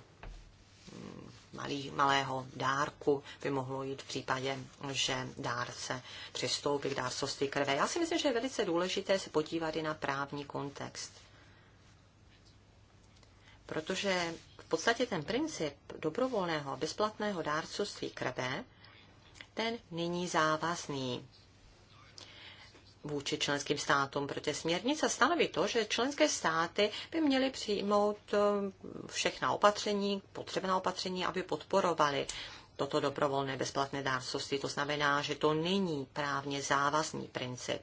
malý, malého dárku by mohlo jít v případě, že dárce přistoupí k dárcovství krve. Já si myslím, že je velice důležité se podívat i na právní kontext. Protože podstatě ten princip dobrovolného bezplatného dárcovství krve, ten není závazný vůči členským státům, protože směrnice stanoví to, že členské státy by měly přijmout eh, všechna opatření, potřebná opatření, aby podporovali toto dobrovolné bezplatné dárcovství. To znamená, že to není právně závazný princip.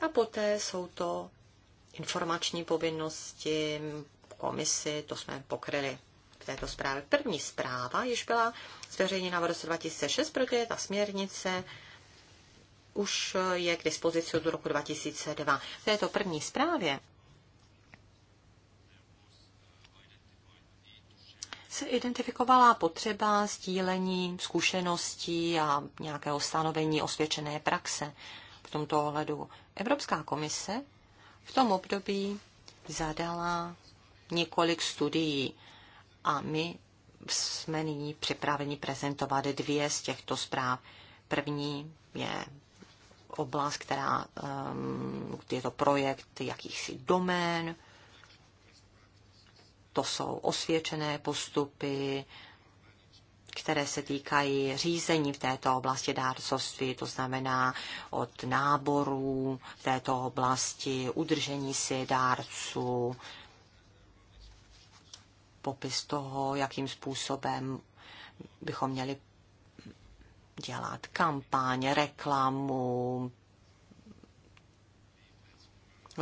A poté jsou to informační povinnosti komisi, to jsme pokryli v této zprávě. První zpráva již byla zveřejněna v roce 2006, protože ta směrnice už je k dispozici od roku 2002. V této první zprávě se identifikovala potřeba sdílení zkušeností a nějakého stanovení osvědčené praxe v tomto ohledu. Evropská komise v tom období zadala několik studií a my jsme nyní připraveni prezentovat dvě z těchto zpráv. První je oblast, která um, je to projekt jakýchsi domén, to jsou osvědčené postupy, které se týkají řízení v této oblasti dárcovství, to znamená od náborů v této oblasti, udržení si dárců, popis toho, jakým způsobem bychom měli dělat kampaň, reklamu,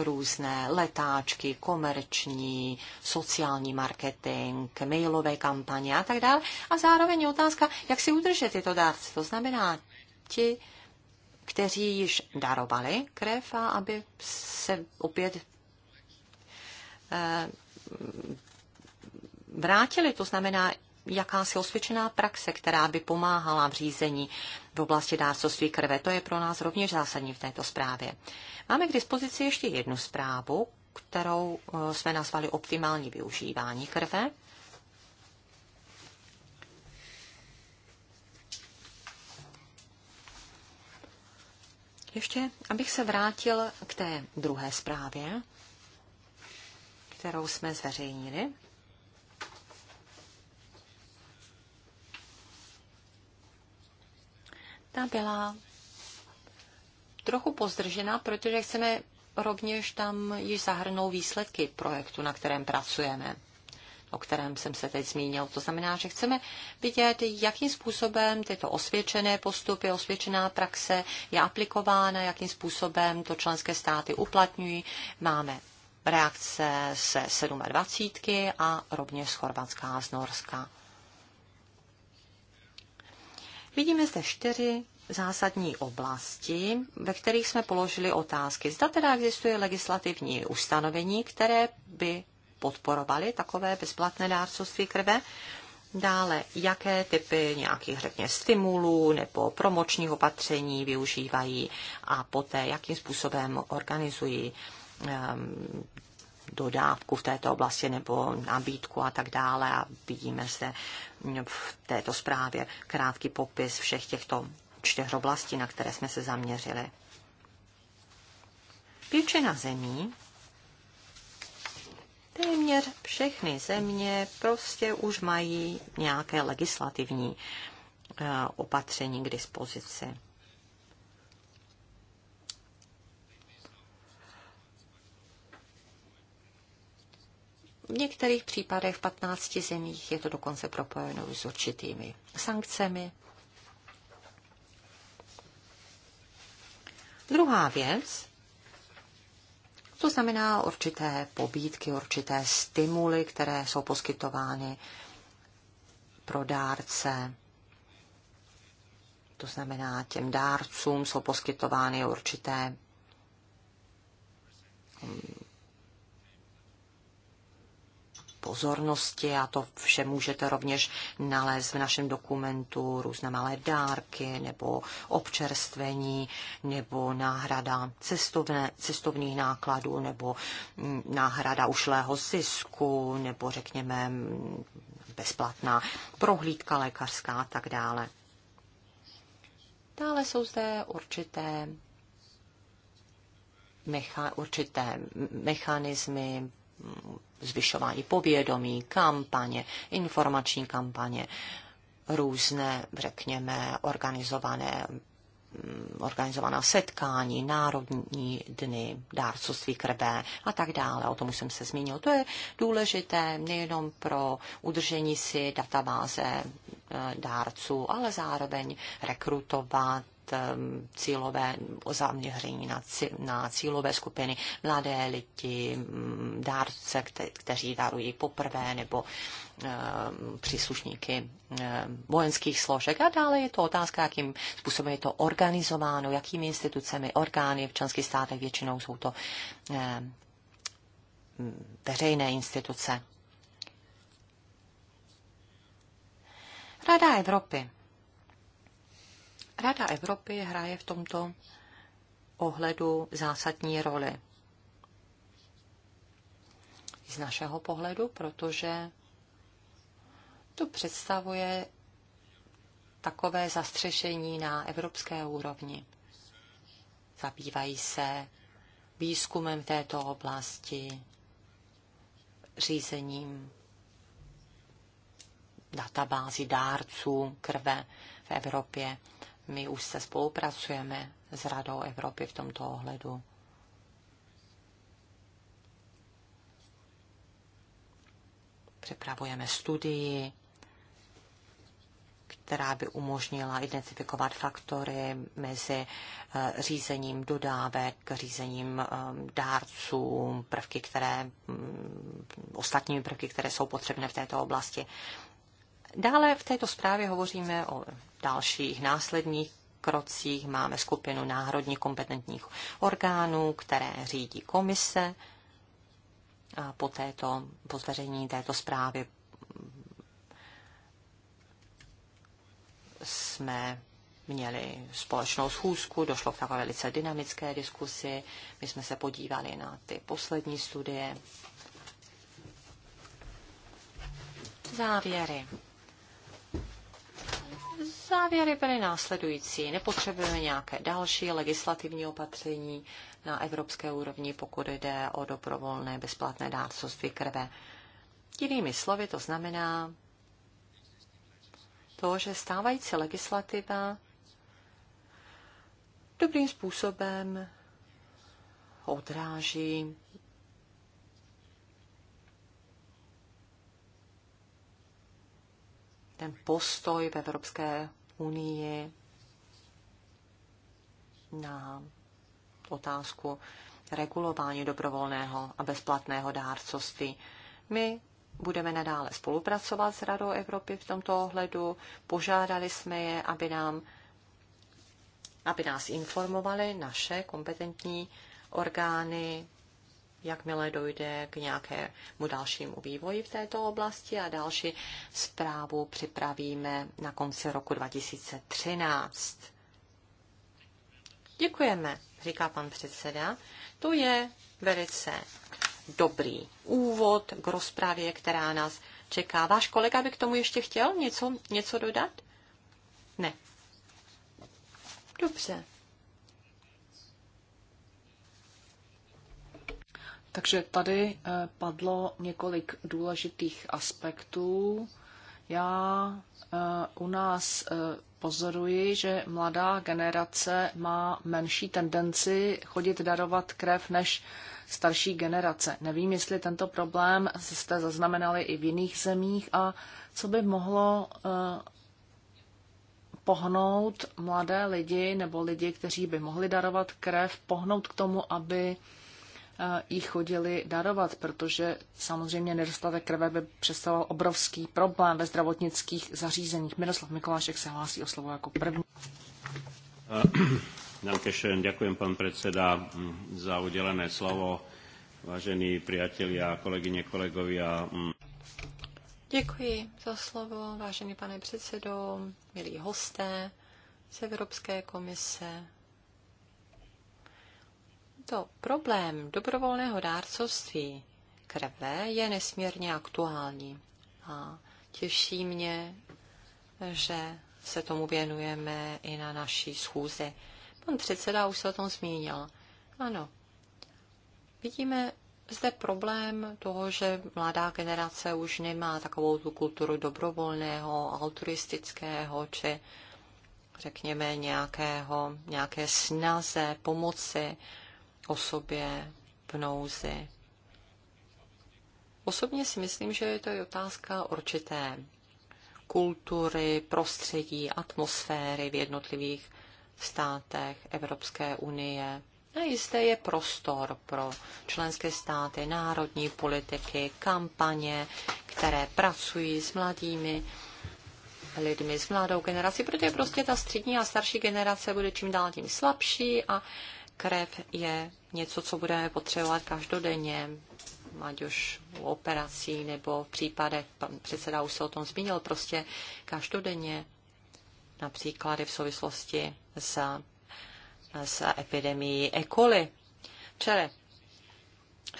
různé letáčky, komerční, sociální marketing, mailové kampaně a tak dále. A zároveň je otázka, jak si udržet tyto dárce. To znamená ti, kteří již darovali krev a aby se opět eh, vrátili. To znamená jakási osvědčená praxe, která by pomáhala v řízení v oblasti dárcovství krve. To je pro nás rovněž zásadní v této zprávě. Máme k dispozici ještě jednu zprávu, kterou eh, jsme nazvali optimální využívání krve. Ještě, abych se vrátil k té druhé zprávě, kterou jsme zveřejnili. Ta byla trochu pozdržena, protože chceme rovněž tam již zahrnout výsledky projektu, na kterém pracujeme o kterém jsem se teď zmínil. To znamená, že chceme vidět, jakým způsobem tyto osvědčené postupy, osvědčená praxe je aplikována, jakým způsobem to členské státy uplatňují. Máme reakce se 27 a rovněž z Chorvatska a z Norska. Vidíme zde čtyři zásadní oblasti, ve kterých jsme položili otázky. Zda teda existuje legislativní ustanovení, které by podporovaly takové bezplatné dárcovství krve. Dále, jaké typy nějakých, řekně, stimulů nebo promočních opatření využívají a poté, jakým způsobem organizují um, dodávku v této oblasti nebo nabídku a tak dále. A vidíme se v této zprávě krátký popis všech těchto čtyř oblastí, na které jsme se zaměřili. Většina zemí, téměř všechny země prostě už mají nějaké legislativní eh, opatření k dispozici. V některých případech v 15 zemích je to dokonce propojeno s určitými sankcemi. Druhá věc, to znamená určité pobídky, určité stimuly, které jsou poskytovány pro dárce. To znamená, těm dárcům jsou poskytovány určité pozornosti a to vše můžete rovněž nalézt v našem dokumentu, různé malé dárky nebo občerstvení nebo náhrada cestovné, cestovních nákladů nebo mm, náhrada ušlého zisku nebo řekněme mm, bezplatná prohlídka lékařská a tak dále. Dále jsou zde určité mecha, určité mechanismy zvyšování povědomí, kampaně, informační kampaně, různé, řekněme, organizované mm, organizovaná setkání, národní dny, dárcovství krve a tak dále. O tom už jsem se zmínil. To je důležité nejenom pro udržení si databáze eh, dárců, ale zároveň rekrutovat Um, cílové zaměření na, na cílové skupiny, mladé lidi, mm, dárce, kteří darují poprvé nebo um, příslušníky um, vojenských složek. A dále je to otázka, jakým způsobem je to organizováno, jakými institucemi, orgány v členských státech většinou jsou to veřejné instituce. Rada Evropy Rada Evropy hraje v tomto ohledu zásadní roli. Z našeho pohledu, protože to představuje takové zastřešení na evropské úrovni. Zabývají se výzkumem v této oblasti, řízením databázy dárců krve v Evropě. My už se spolupracujeme s Radou Evropy v tomto ohledu. Připravujeme studii, která by umožnila identifikovat faktory mezi eh, řízením dodávek, řízením eh, dárců, prvky, které, mm, ostatními prvky, které jsou potřebné v této oblasti. Dále v této zprávě hovoříme o dalších následných krocích. Máme skupinu národní kompetentních orgánů, které řídí komise. A po, této, po zveřejnění této zprávy jsme měli společnou schůzku, došlo k takové velice dynamické diskusi. My jsme se podívali na ty poslední studie. Závěry. Závěry byly následující. Nepotřebujeme nějaké další legislativní opatření na evropské úrovni, pokud jde o dobrovolné bezplatné dárcovství krve. Jinými slovy to znamená to, že stávající legislativa dobrým způsobem odráží ten postoj v Evropské unii na otázku regulování dobrovolného a bezplatného dárcovství. My budeme nadále spolupracovat s Radou Evropy v tomto ohledu. Požádali jsme je, aby, nám, aby nás informovali naše kompetentní orgány jakmile dojde k nějakému dalšímu vývoji v této oblasti a další zprávu připravíme na konci roku 2013. Děkujeme, říká pan předseda. To je velice dobrý úvod k rozpravě, která nás čeká. Váš kolega by k tomu ještě chtěl něco, něco dodat? Ne. Dobře. Takže tady eh, padlo několik důležitých aspektů. Já eh, u nás eh, pozoruji, že mladá generace má menší tendenci chodit darovat krev než starší generace. Nevím, jestli tento problém jste zaznamenali i v jiných zemích a co by mohlo pohnout mladé lidi nebo lidi, kteří by mohli darovat krev, pohnout k tomu, aby Eh, jí chodili darovat, protože samozřejmě nedostatek krve by představoval obrovský problém ve zdravotnických zařízeních. Miroslav Mikolášek se hlásí o slovo jako první. Ďakujem, eh, ďakujem pán predseda mm, za udělené slovo. Vážení přátelé a kolegyně, kolegovia. Mm. Děkuji za slovo, vážený pane předsedo, milí hosté z Evropské komise, tento problém dobrovolného dárcovství krve je nesmírně aktuální a těší mě, že se tomu věnujeme i na naší schůzi. Pan předseda už se o tom zmínil. Ano. Vidíme zde problém toho, že mladá generace už nemá takovou tu kulturu dobrovolného, altruistického, či řekněme nějakého, nějaké snaze, pomoci osobě v nouzi. Osobně si myslím, že je to i otázka určité kultury, prostředí, atmosféry v jednotlivých státech Evropské unie. A jisté je prostor pro členské státy, národní politiky, kampaně, které pracují s mladými lidmi, s mladou generací, protože prostě ta střední a starší generace bude čím dál tím slabší a krev je něco, co budeme potřebovat každodenně, ať už u operací nebo v případech, pan předseda už se o tom zmínil, prostě každodenně, například i v souvislosti s, s epidemií E. coli. Čere,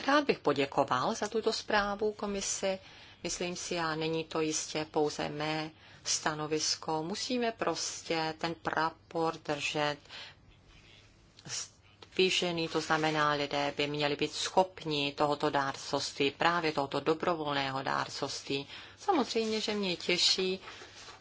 rád bych poděkoval za tuto zprávu komisi. Myslím si, a není to jistě pouze mé stanovisko. Musíme prostě ten prapor držet vyžený, to znamená, lidé by měli být schopni tohoto dárcovství, právě tohoto dobrovolného dárcovství. Samozřejmě, že mě těší,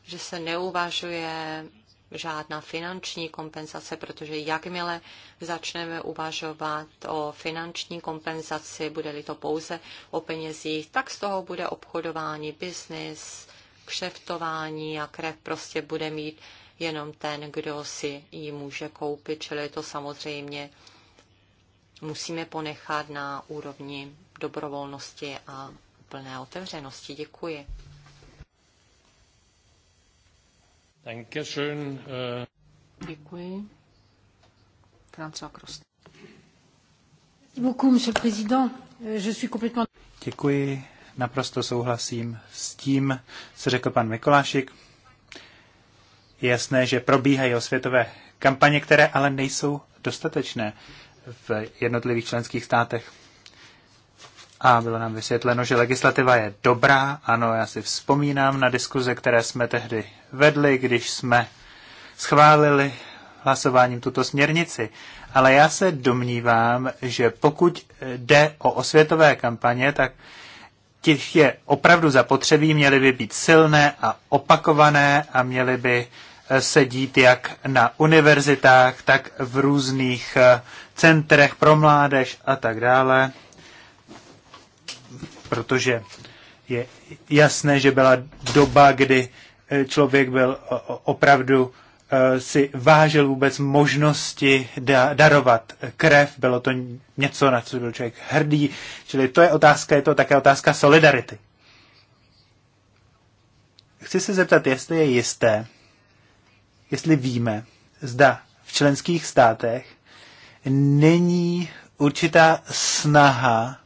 že se neuvažuje žádná finanční kompenzace, protože jakmile začneme uvažovat o finanční kompenzaci, bude-li to pouze o penězích, tak z toho bude obchodování, biznis, kšeftování a krev prostě bude mít jenom ten, kdo si ji může koupit, čili to samozřejmě musíme ponechat na úrovni dobrovolnosti a plné otevřenosti. Děkuji. Dankeschön. Eh. Děkuji. François Crost. Beaucoup, monsieur président. Euh, je suis complètement... Děkuji, naprosto souhlasím s tím, co řekl pan Mikolášik jasné, že probíhají osvětové kampaně, které ale nejsou dostatečné v jednotlivých členských státech. A bylo nám vysvětleno, že legislativa je dobrá. Ano, já si vzpomínám na diskuze, které jsme tehdy vedli, když jsme schválili hlasováním tuto směrnici. Ale já se domnívám, že pokud jde o osvětové kampaně, tak těch je opravdu zapotřebí, měly by být silné a opakované a měly by eh, se dít jak na univerzitách, tak v různých eh, centrech pro mládež a tak dále, protože je jasné, že byla doba, kdy eh, člověk byl opravdu Eh, si vážil vůbec možnosti da- darovat krev, bylo to něco, na co byl člověk hrdý, čili to je otázka, je to také otázka solidarity. Chci se zeptat, jestli je jisté, jestli víme, zda v členských státech není určitá snaha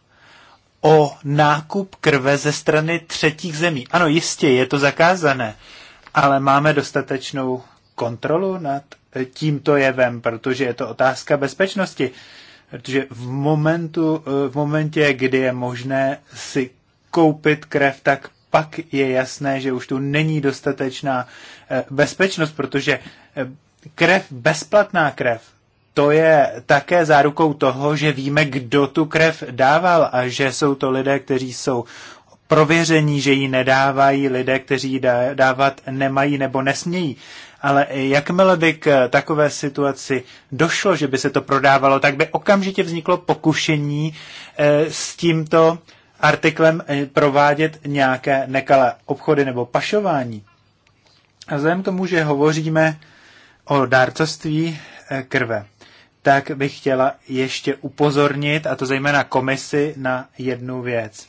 o nákup krve ze strany třetích zemí. Ano, jistě, je to zakázané, ale máme dostatečnou kontrolu nad tímto jevem, protože je to otázka bezpečnosti. Protože v, momentu, v momentě, kdy je možné si koupit krev, tak pak je jasné, že už tu není dostatečná eh, bezpečnost, protože eh, krev, bezplatná krev, to je také zárukou toho, že víme, kdo tu krev dával a že jsou to lidé, kteří jsou prověření, že ji nedávají lidé, kteří ji dávat nemají nebo nesmějí ale jakmile by k takové situaci došlo, že by se to prodávalo, tak by okamžitě vzniklo pokušení eh, s tímto artiklem eh, provádět nějaké nekalé obchody nebo pašování. A vzhledem k tomu, že hovoříme o dárcovství eh, krve, tak bych chtěla ještě upozornit, a to zejména komisi, na jednu věc.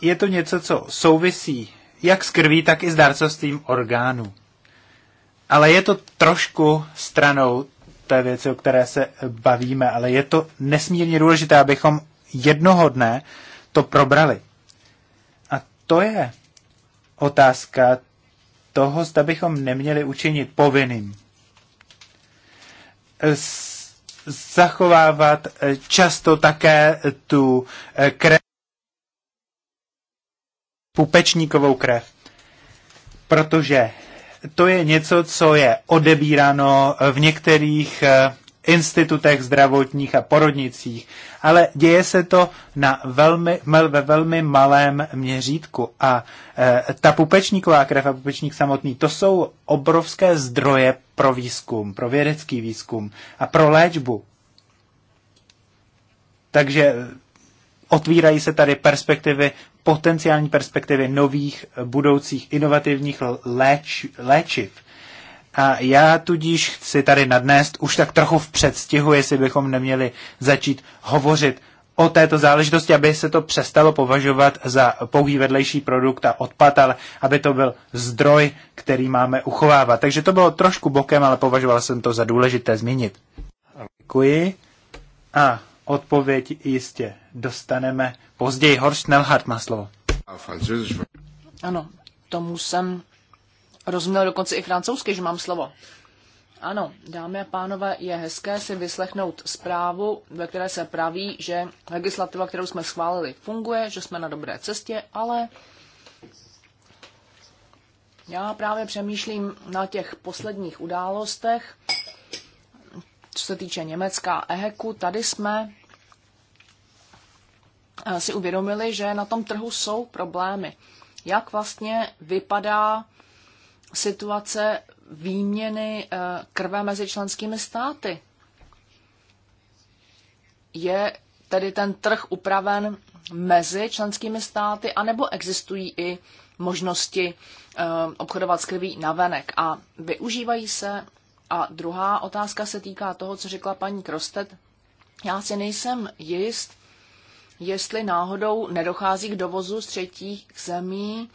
Je to něco, co souvisí jak z krví, tak i s dárcovstvím orgánů. Ale je to trošku stranou té věci, o které se bavíme, ale je to nesmírně důležité, abychom jednoho dne to probrali. A to je otázka toho, zda bychom neměli učinit povinným. Zachovávat eh, často také tu eh, kre- pupečníkovou krev. Protože to je něco, co je odebíráno v některých eh, institutech zdravotních a porodnicích, ale děje se to na velmi, ve velmi malém měřítku. A e, ta pupečníková krev a pupečník samotný, to jsou obrovské zdroje pro výzkum, pro vědecký výzkum a pro léčbu. Takže otvírají se tady perspektivy, potenciální perspektivy nových eh, budoucích inovativních léč, léčiv. A já tudíž chci tady nadnést už tak trochu v předstihu, jestli bychom neměli začít hovořit o této záležitosti, aby se to přestalo považovat za pouhý vedlejší produkt a odpad, ale aby to byl zdroj, který máme uchovávat. Takže to bylo trošku bokem, ale považoval jsem to za důležité zmínit. Děkuji. A odpověď jistě dostaneme později. Horst Nelhardt má slovo. Ano, tomu jsem rozuměl dokonce i francouzsky, že mám slovo. Ano, dámy a pánové, je hezké si vyslechnout zprávu, ve které se praví, že legislativa, kterou jsme schválili, funguje, že jsme na dobré cestě, ale já právě přemýšlím na těch posledních událostech co se týče Německa a EHECu, tady jsme eh, si uvědomili, že na tom trhu jsou problémy. Jak vlastně vypadá situace výměny eh, krve mezi členskými státy? Je tedy ten trh upraven mezi členskými státy, anebo existují i možnosti eh, obchodovat s krví navenek a využívají se a druhá otázka se týká toho, co řekla paní Krostet. Já si nejsem jist, jestli náhodou nedochází k dovozu z třetích zemí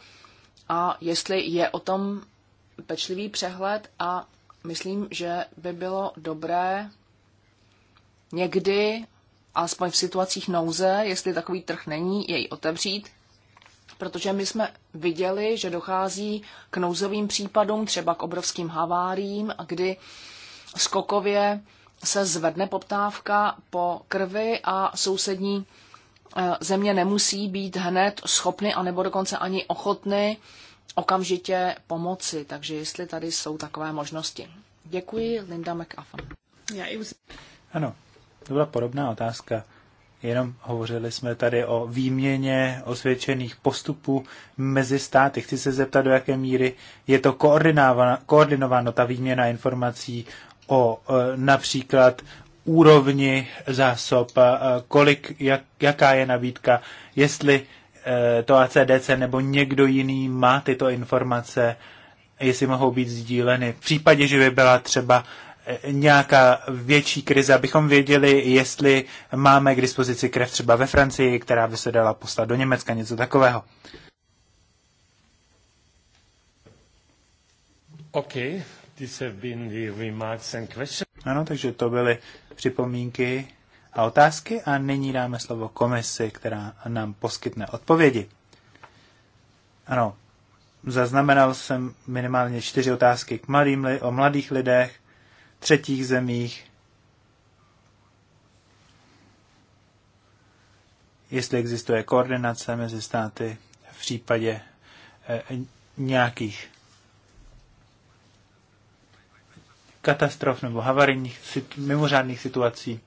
a jestli je o tom pečlivý přehled a myslím, že by bylo dobré někdy, alespoň v situacích nouze, jestli takový trh není, jej otevřít protože my jsme viděli, že dochází k nouzovým případům, třeba k obrovským haváriím, kdy skokově se zvedne poptávka po krvi a sousední eh, země nemusí být hned schopny a nebo dokonce ani ochotny okamžitě pomoci. Takže jestli tady jsou takové možnosti. Děkuji, Linda McAfee. Ano, to byla podobná otázka Jenom hovořili jsme tady o výměně osvědčených postupů mezi státy. Chci se zeptat, do jaké míry je to koordinováno, ta výměna informací o e, například úrovni zásob, e, kolik, jak, jaká je nabídka, jestli e, to ACDC nebo někdo jiný má tyto informace, jestli mohou být sdíleny. V případě, že by byla třeba nějaká větší krize, abychom věděli, jestli máme k dispozici krev třeba ve Francii, která by se dala poslat do Německa, něco takového. Okay. These have been the remarks and questions. Ano, takže to byly připomínky a otázky a nyní dáme slovo komisi, která nám poskytne odpovědi. Ano, zaznamenal jsem minimálně čtyři otázky k mladým, o mladých lidech, třetích zemích. Jestli existuje koordinace mezi státy v případě eh, nějakých katastrof nebo havarijních mimořádných situací.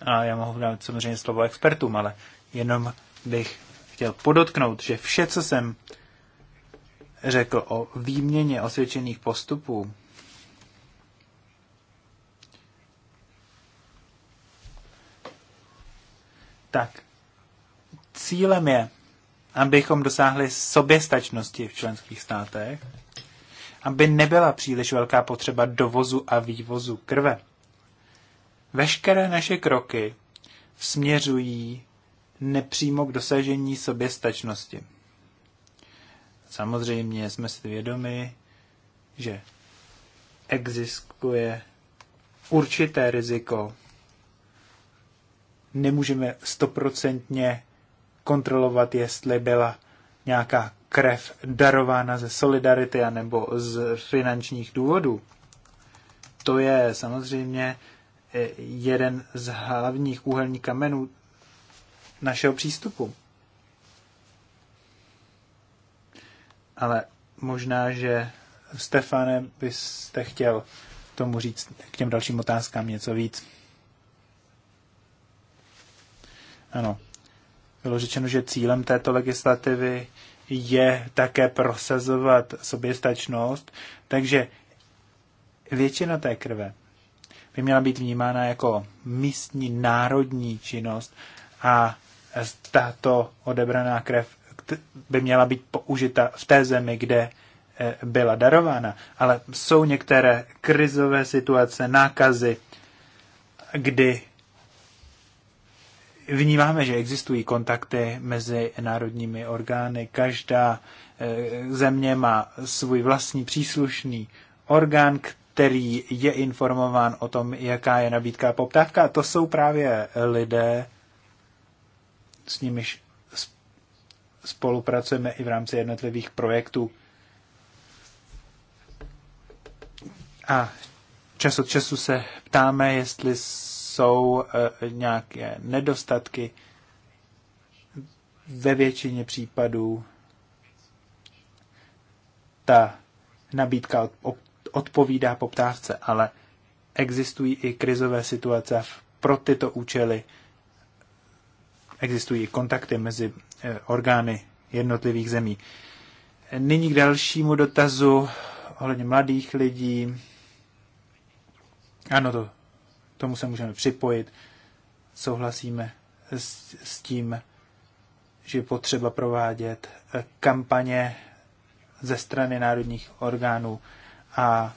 A já mohu dát samozřejmě slovo expertům, ale jenom bych chtěl podotknout, že vše, co jsem řekl o výměně osvědčených postupů, tak cílem je, abychom dosáhli soběstačnosti v členských státech, aby nebyla příliš velká potřeba dovozu a vývozu krve. Veškeré naše kroky směřují nepřímo k dosažení soběstačnosti. Samozřejmě jsme si vědomi, že existuje určité riziko. Nemůžeme stoprocentně kontrolovat, jestli byla nějaká krev darována ze solidarity anebo z finančních důvodů. To je samozřejmě eh, jeden z hlavních úhelních kamenů našeho přístupu. ale možná, že Stefane, byste chtěl tomu říct k těm dalším otázkám něco víc. Ano. Bylo řečeno, že cílem této legislativy je také prosazovat soběstačnost, takže většina té krve by měla být vnímána jako místní národní činnost a tato odebraná krev by měla být použita v té zemi, kde eh, byla darována. Ale jsou některé krizové situace, nákazy, kdy vnímáme, že existují kontakty mezi národními orgány. Každá eh, země má svůj vlastní příslušný orgán, který je informován o tom, jaká je nabídka a poptávka. A to jsou právě lidé, s nimiž spolupracujeme i v rámci jednotlivých projektů. A čas od času se ptáme, jestli jsou eh, nějaké nedostatky. Ve většině případů ta nabídka odpovídá poptávce, ale existují i krizové situace pro tyto účely existují kontakty mezi eh, orgány jednotlivých zemí. Nyní k dalšímu dotazu ohledně mladých lidí. Ano, to, tomu se můžeme připojit. Souhlasíme s, s tím, že je potřeba provádět eh, kampaně ze strany národních orgánů a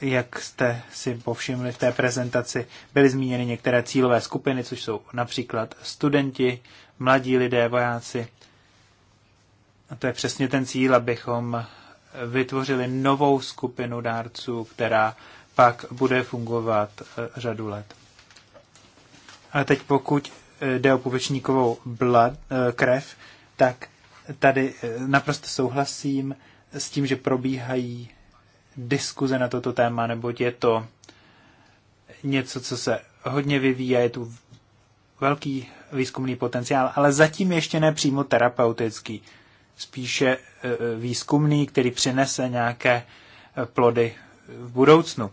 jak jste si povšimli v té prezentaci, byly zmíněny některé cílové skupiny, což jsou například studenti, mladí lidé, vojáci. A to je přesně ten cíl, abychom vytvořili novou skupinu dárců, která pak bude fungovat eh, řadu let. A teď pokud eh, jde o půvečníkovou blood, eh, krev, tak tady naprosto souhlasím s tím, že probíhají diskuze na toto téma, neboť je to něco, co se hodně vyvíjí a je tu velký výzkumný potenciál, ale zatím ještě ne přímo terapeutický, spíše e, e, výzkumný, který přinese nějaké e, plody v budoucnu.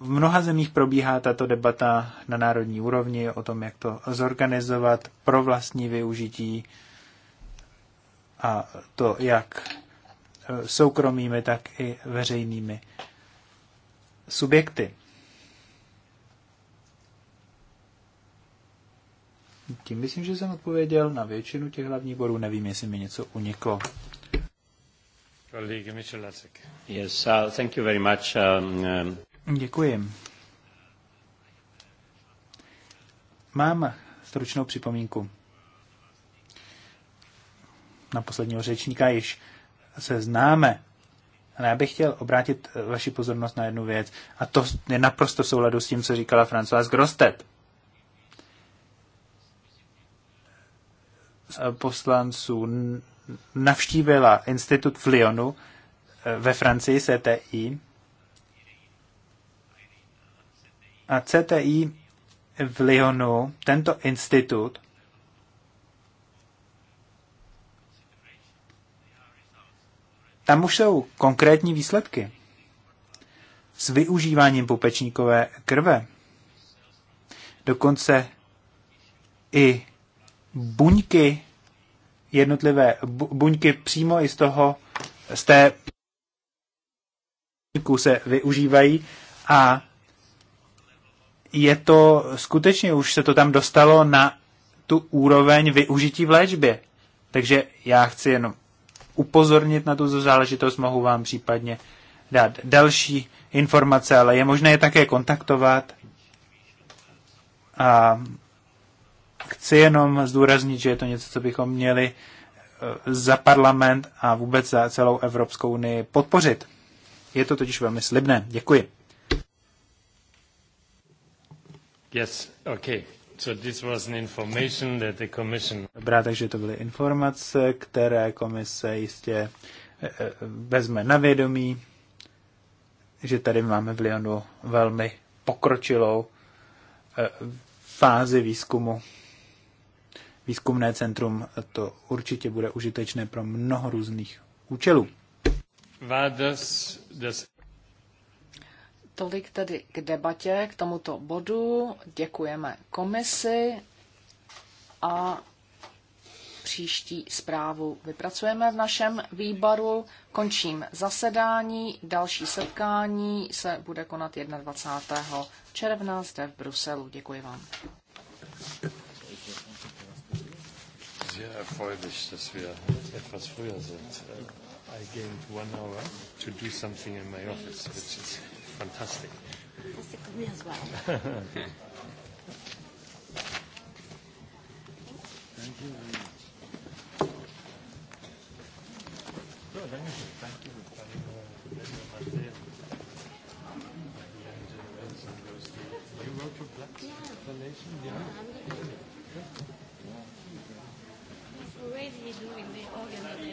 V mnoha zemích probíhá tato debata na národní úrovni o tom, jak to zorganizovat pro vlastní využití a to, jak soukromými, tak i veřejnými subjekty. Tím myslím, že jsem odpověděl na většinu těch hlavních bodů. Nevím, jestli mi něco uniklo. Yes, uh, thank you very much. Um, um, Děkuji. Mám stručnou připomínku na posledního řečníka již se známe. Ale já bych chtěl obrátit eh, vaši pozornost na jednu věc. A to je naprosto v souladu s tím, co říkala Françoise Grostet. Poslanců navštívila institut v Lyonu eh, ve Francii CTI. A CTI v Lyonu, tento institut, Tam už jsou konkrétní výsledky s využíváním pupečníkové krve. Dokonce i buňky, jednotlivé buňky přímo i z toho, z té se využívají a je to skutečně, už se to tam dostalo na tu úroveň využití v léčbě. Takže já chci jenom upozornit na tuto záležitost, mohu vám případně dát další informace, ale je možné je také kontaktovat. A chci jenom zdůraznit, že je to něco, co bychom měli eh, za parlament a vůbec za celou Evropskou unii podpořit. Je to totiž velmi slibné. Děkuji. Yes, okay. So this was an information that the commission... Dobrá, takže to byly informace, které komise jistě eh, eh, vezme na vědomí, že tady máme v Lyonu velmi pokročilou eh, fázi výzkumu. Výzkumné centrum to určitě bude užitečné pro mnoho různých účelů. Tolik tedy k debatě, k tomuto bodu. Děkujeme komisi a příští zprávu vypracujeme v našem výboru. Končím zasedání. Další setkání se bude konat 21. června zde v Bruselu. Děkuji vám. Sehr erfreulich, dass wir etwas früher sind. I gained one hour to do something in my office, which is Fantastic. Fantastic for me as well. okay. Thank you very much. So, thank you. Thank you. Uh, thank you. Uh, you wrote your explanation? Yeah. yeah. yeah. He's already doing the organ.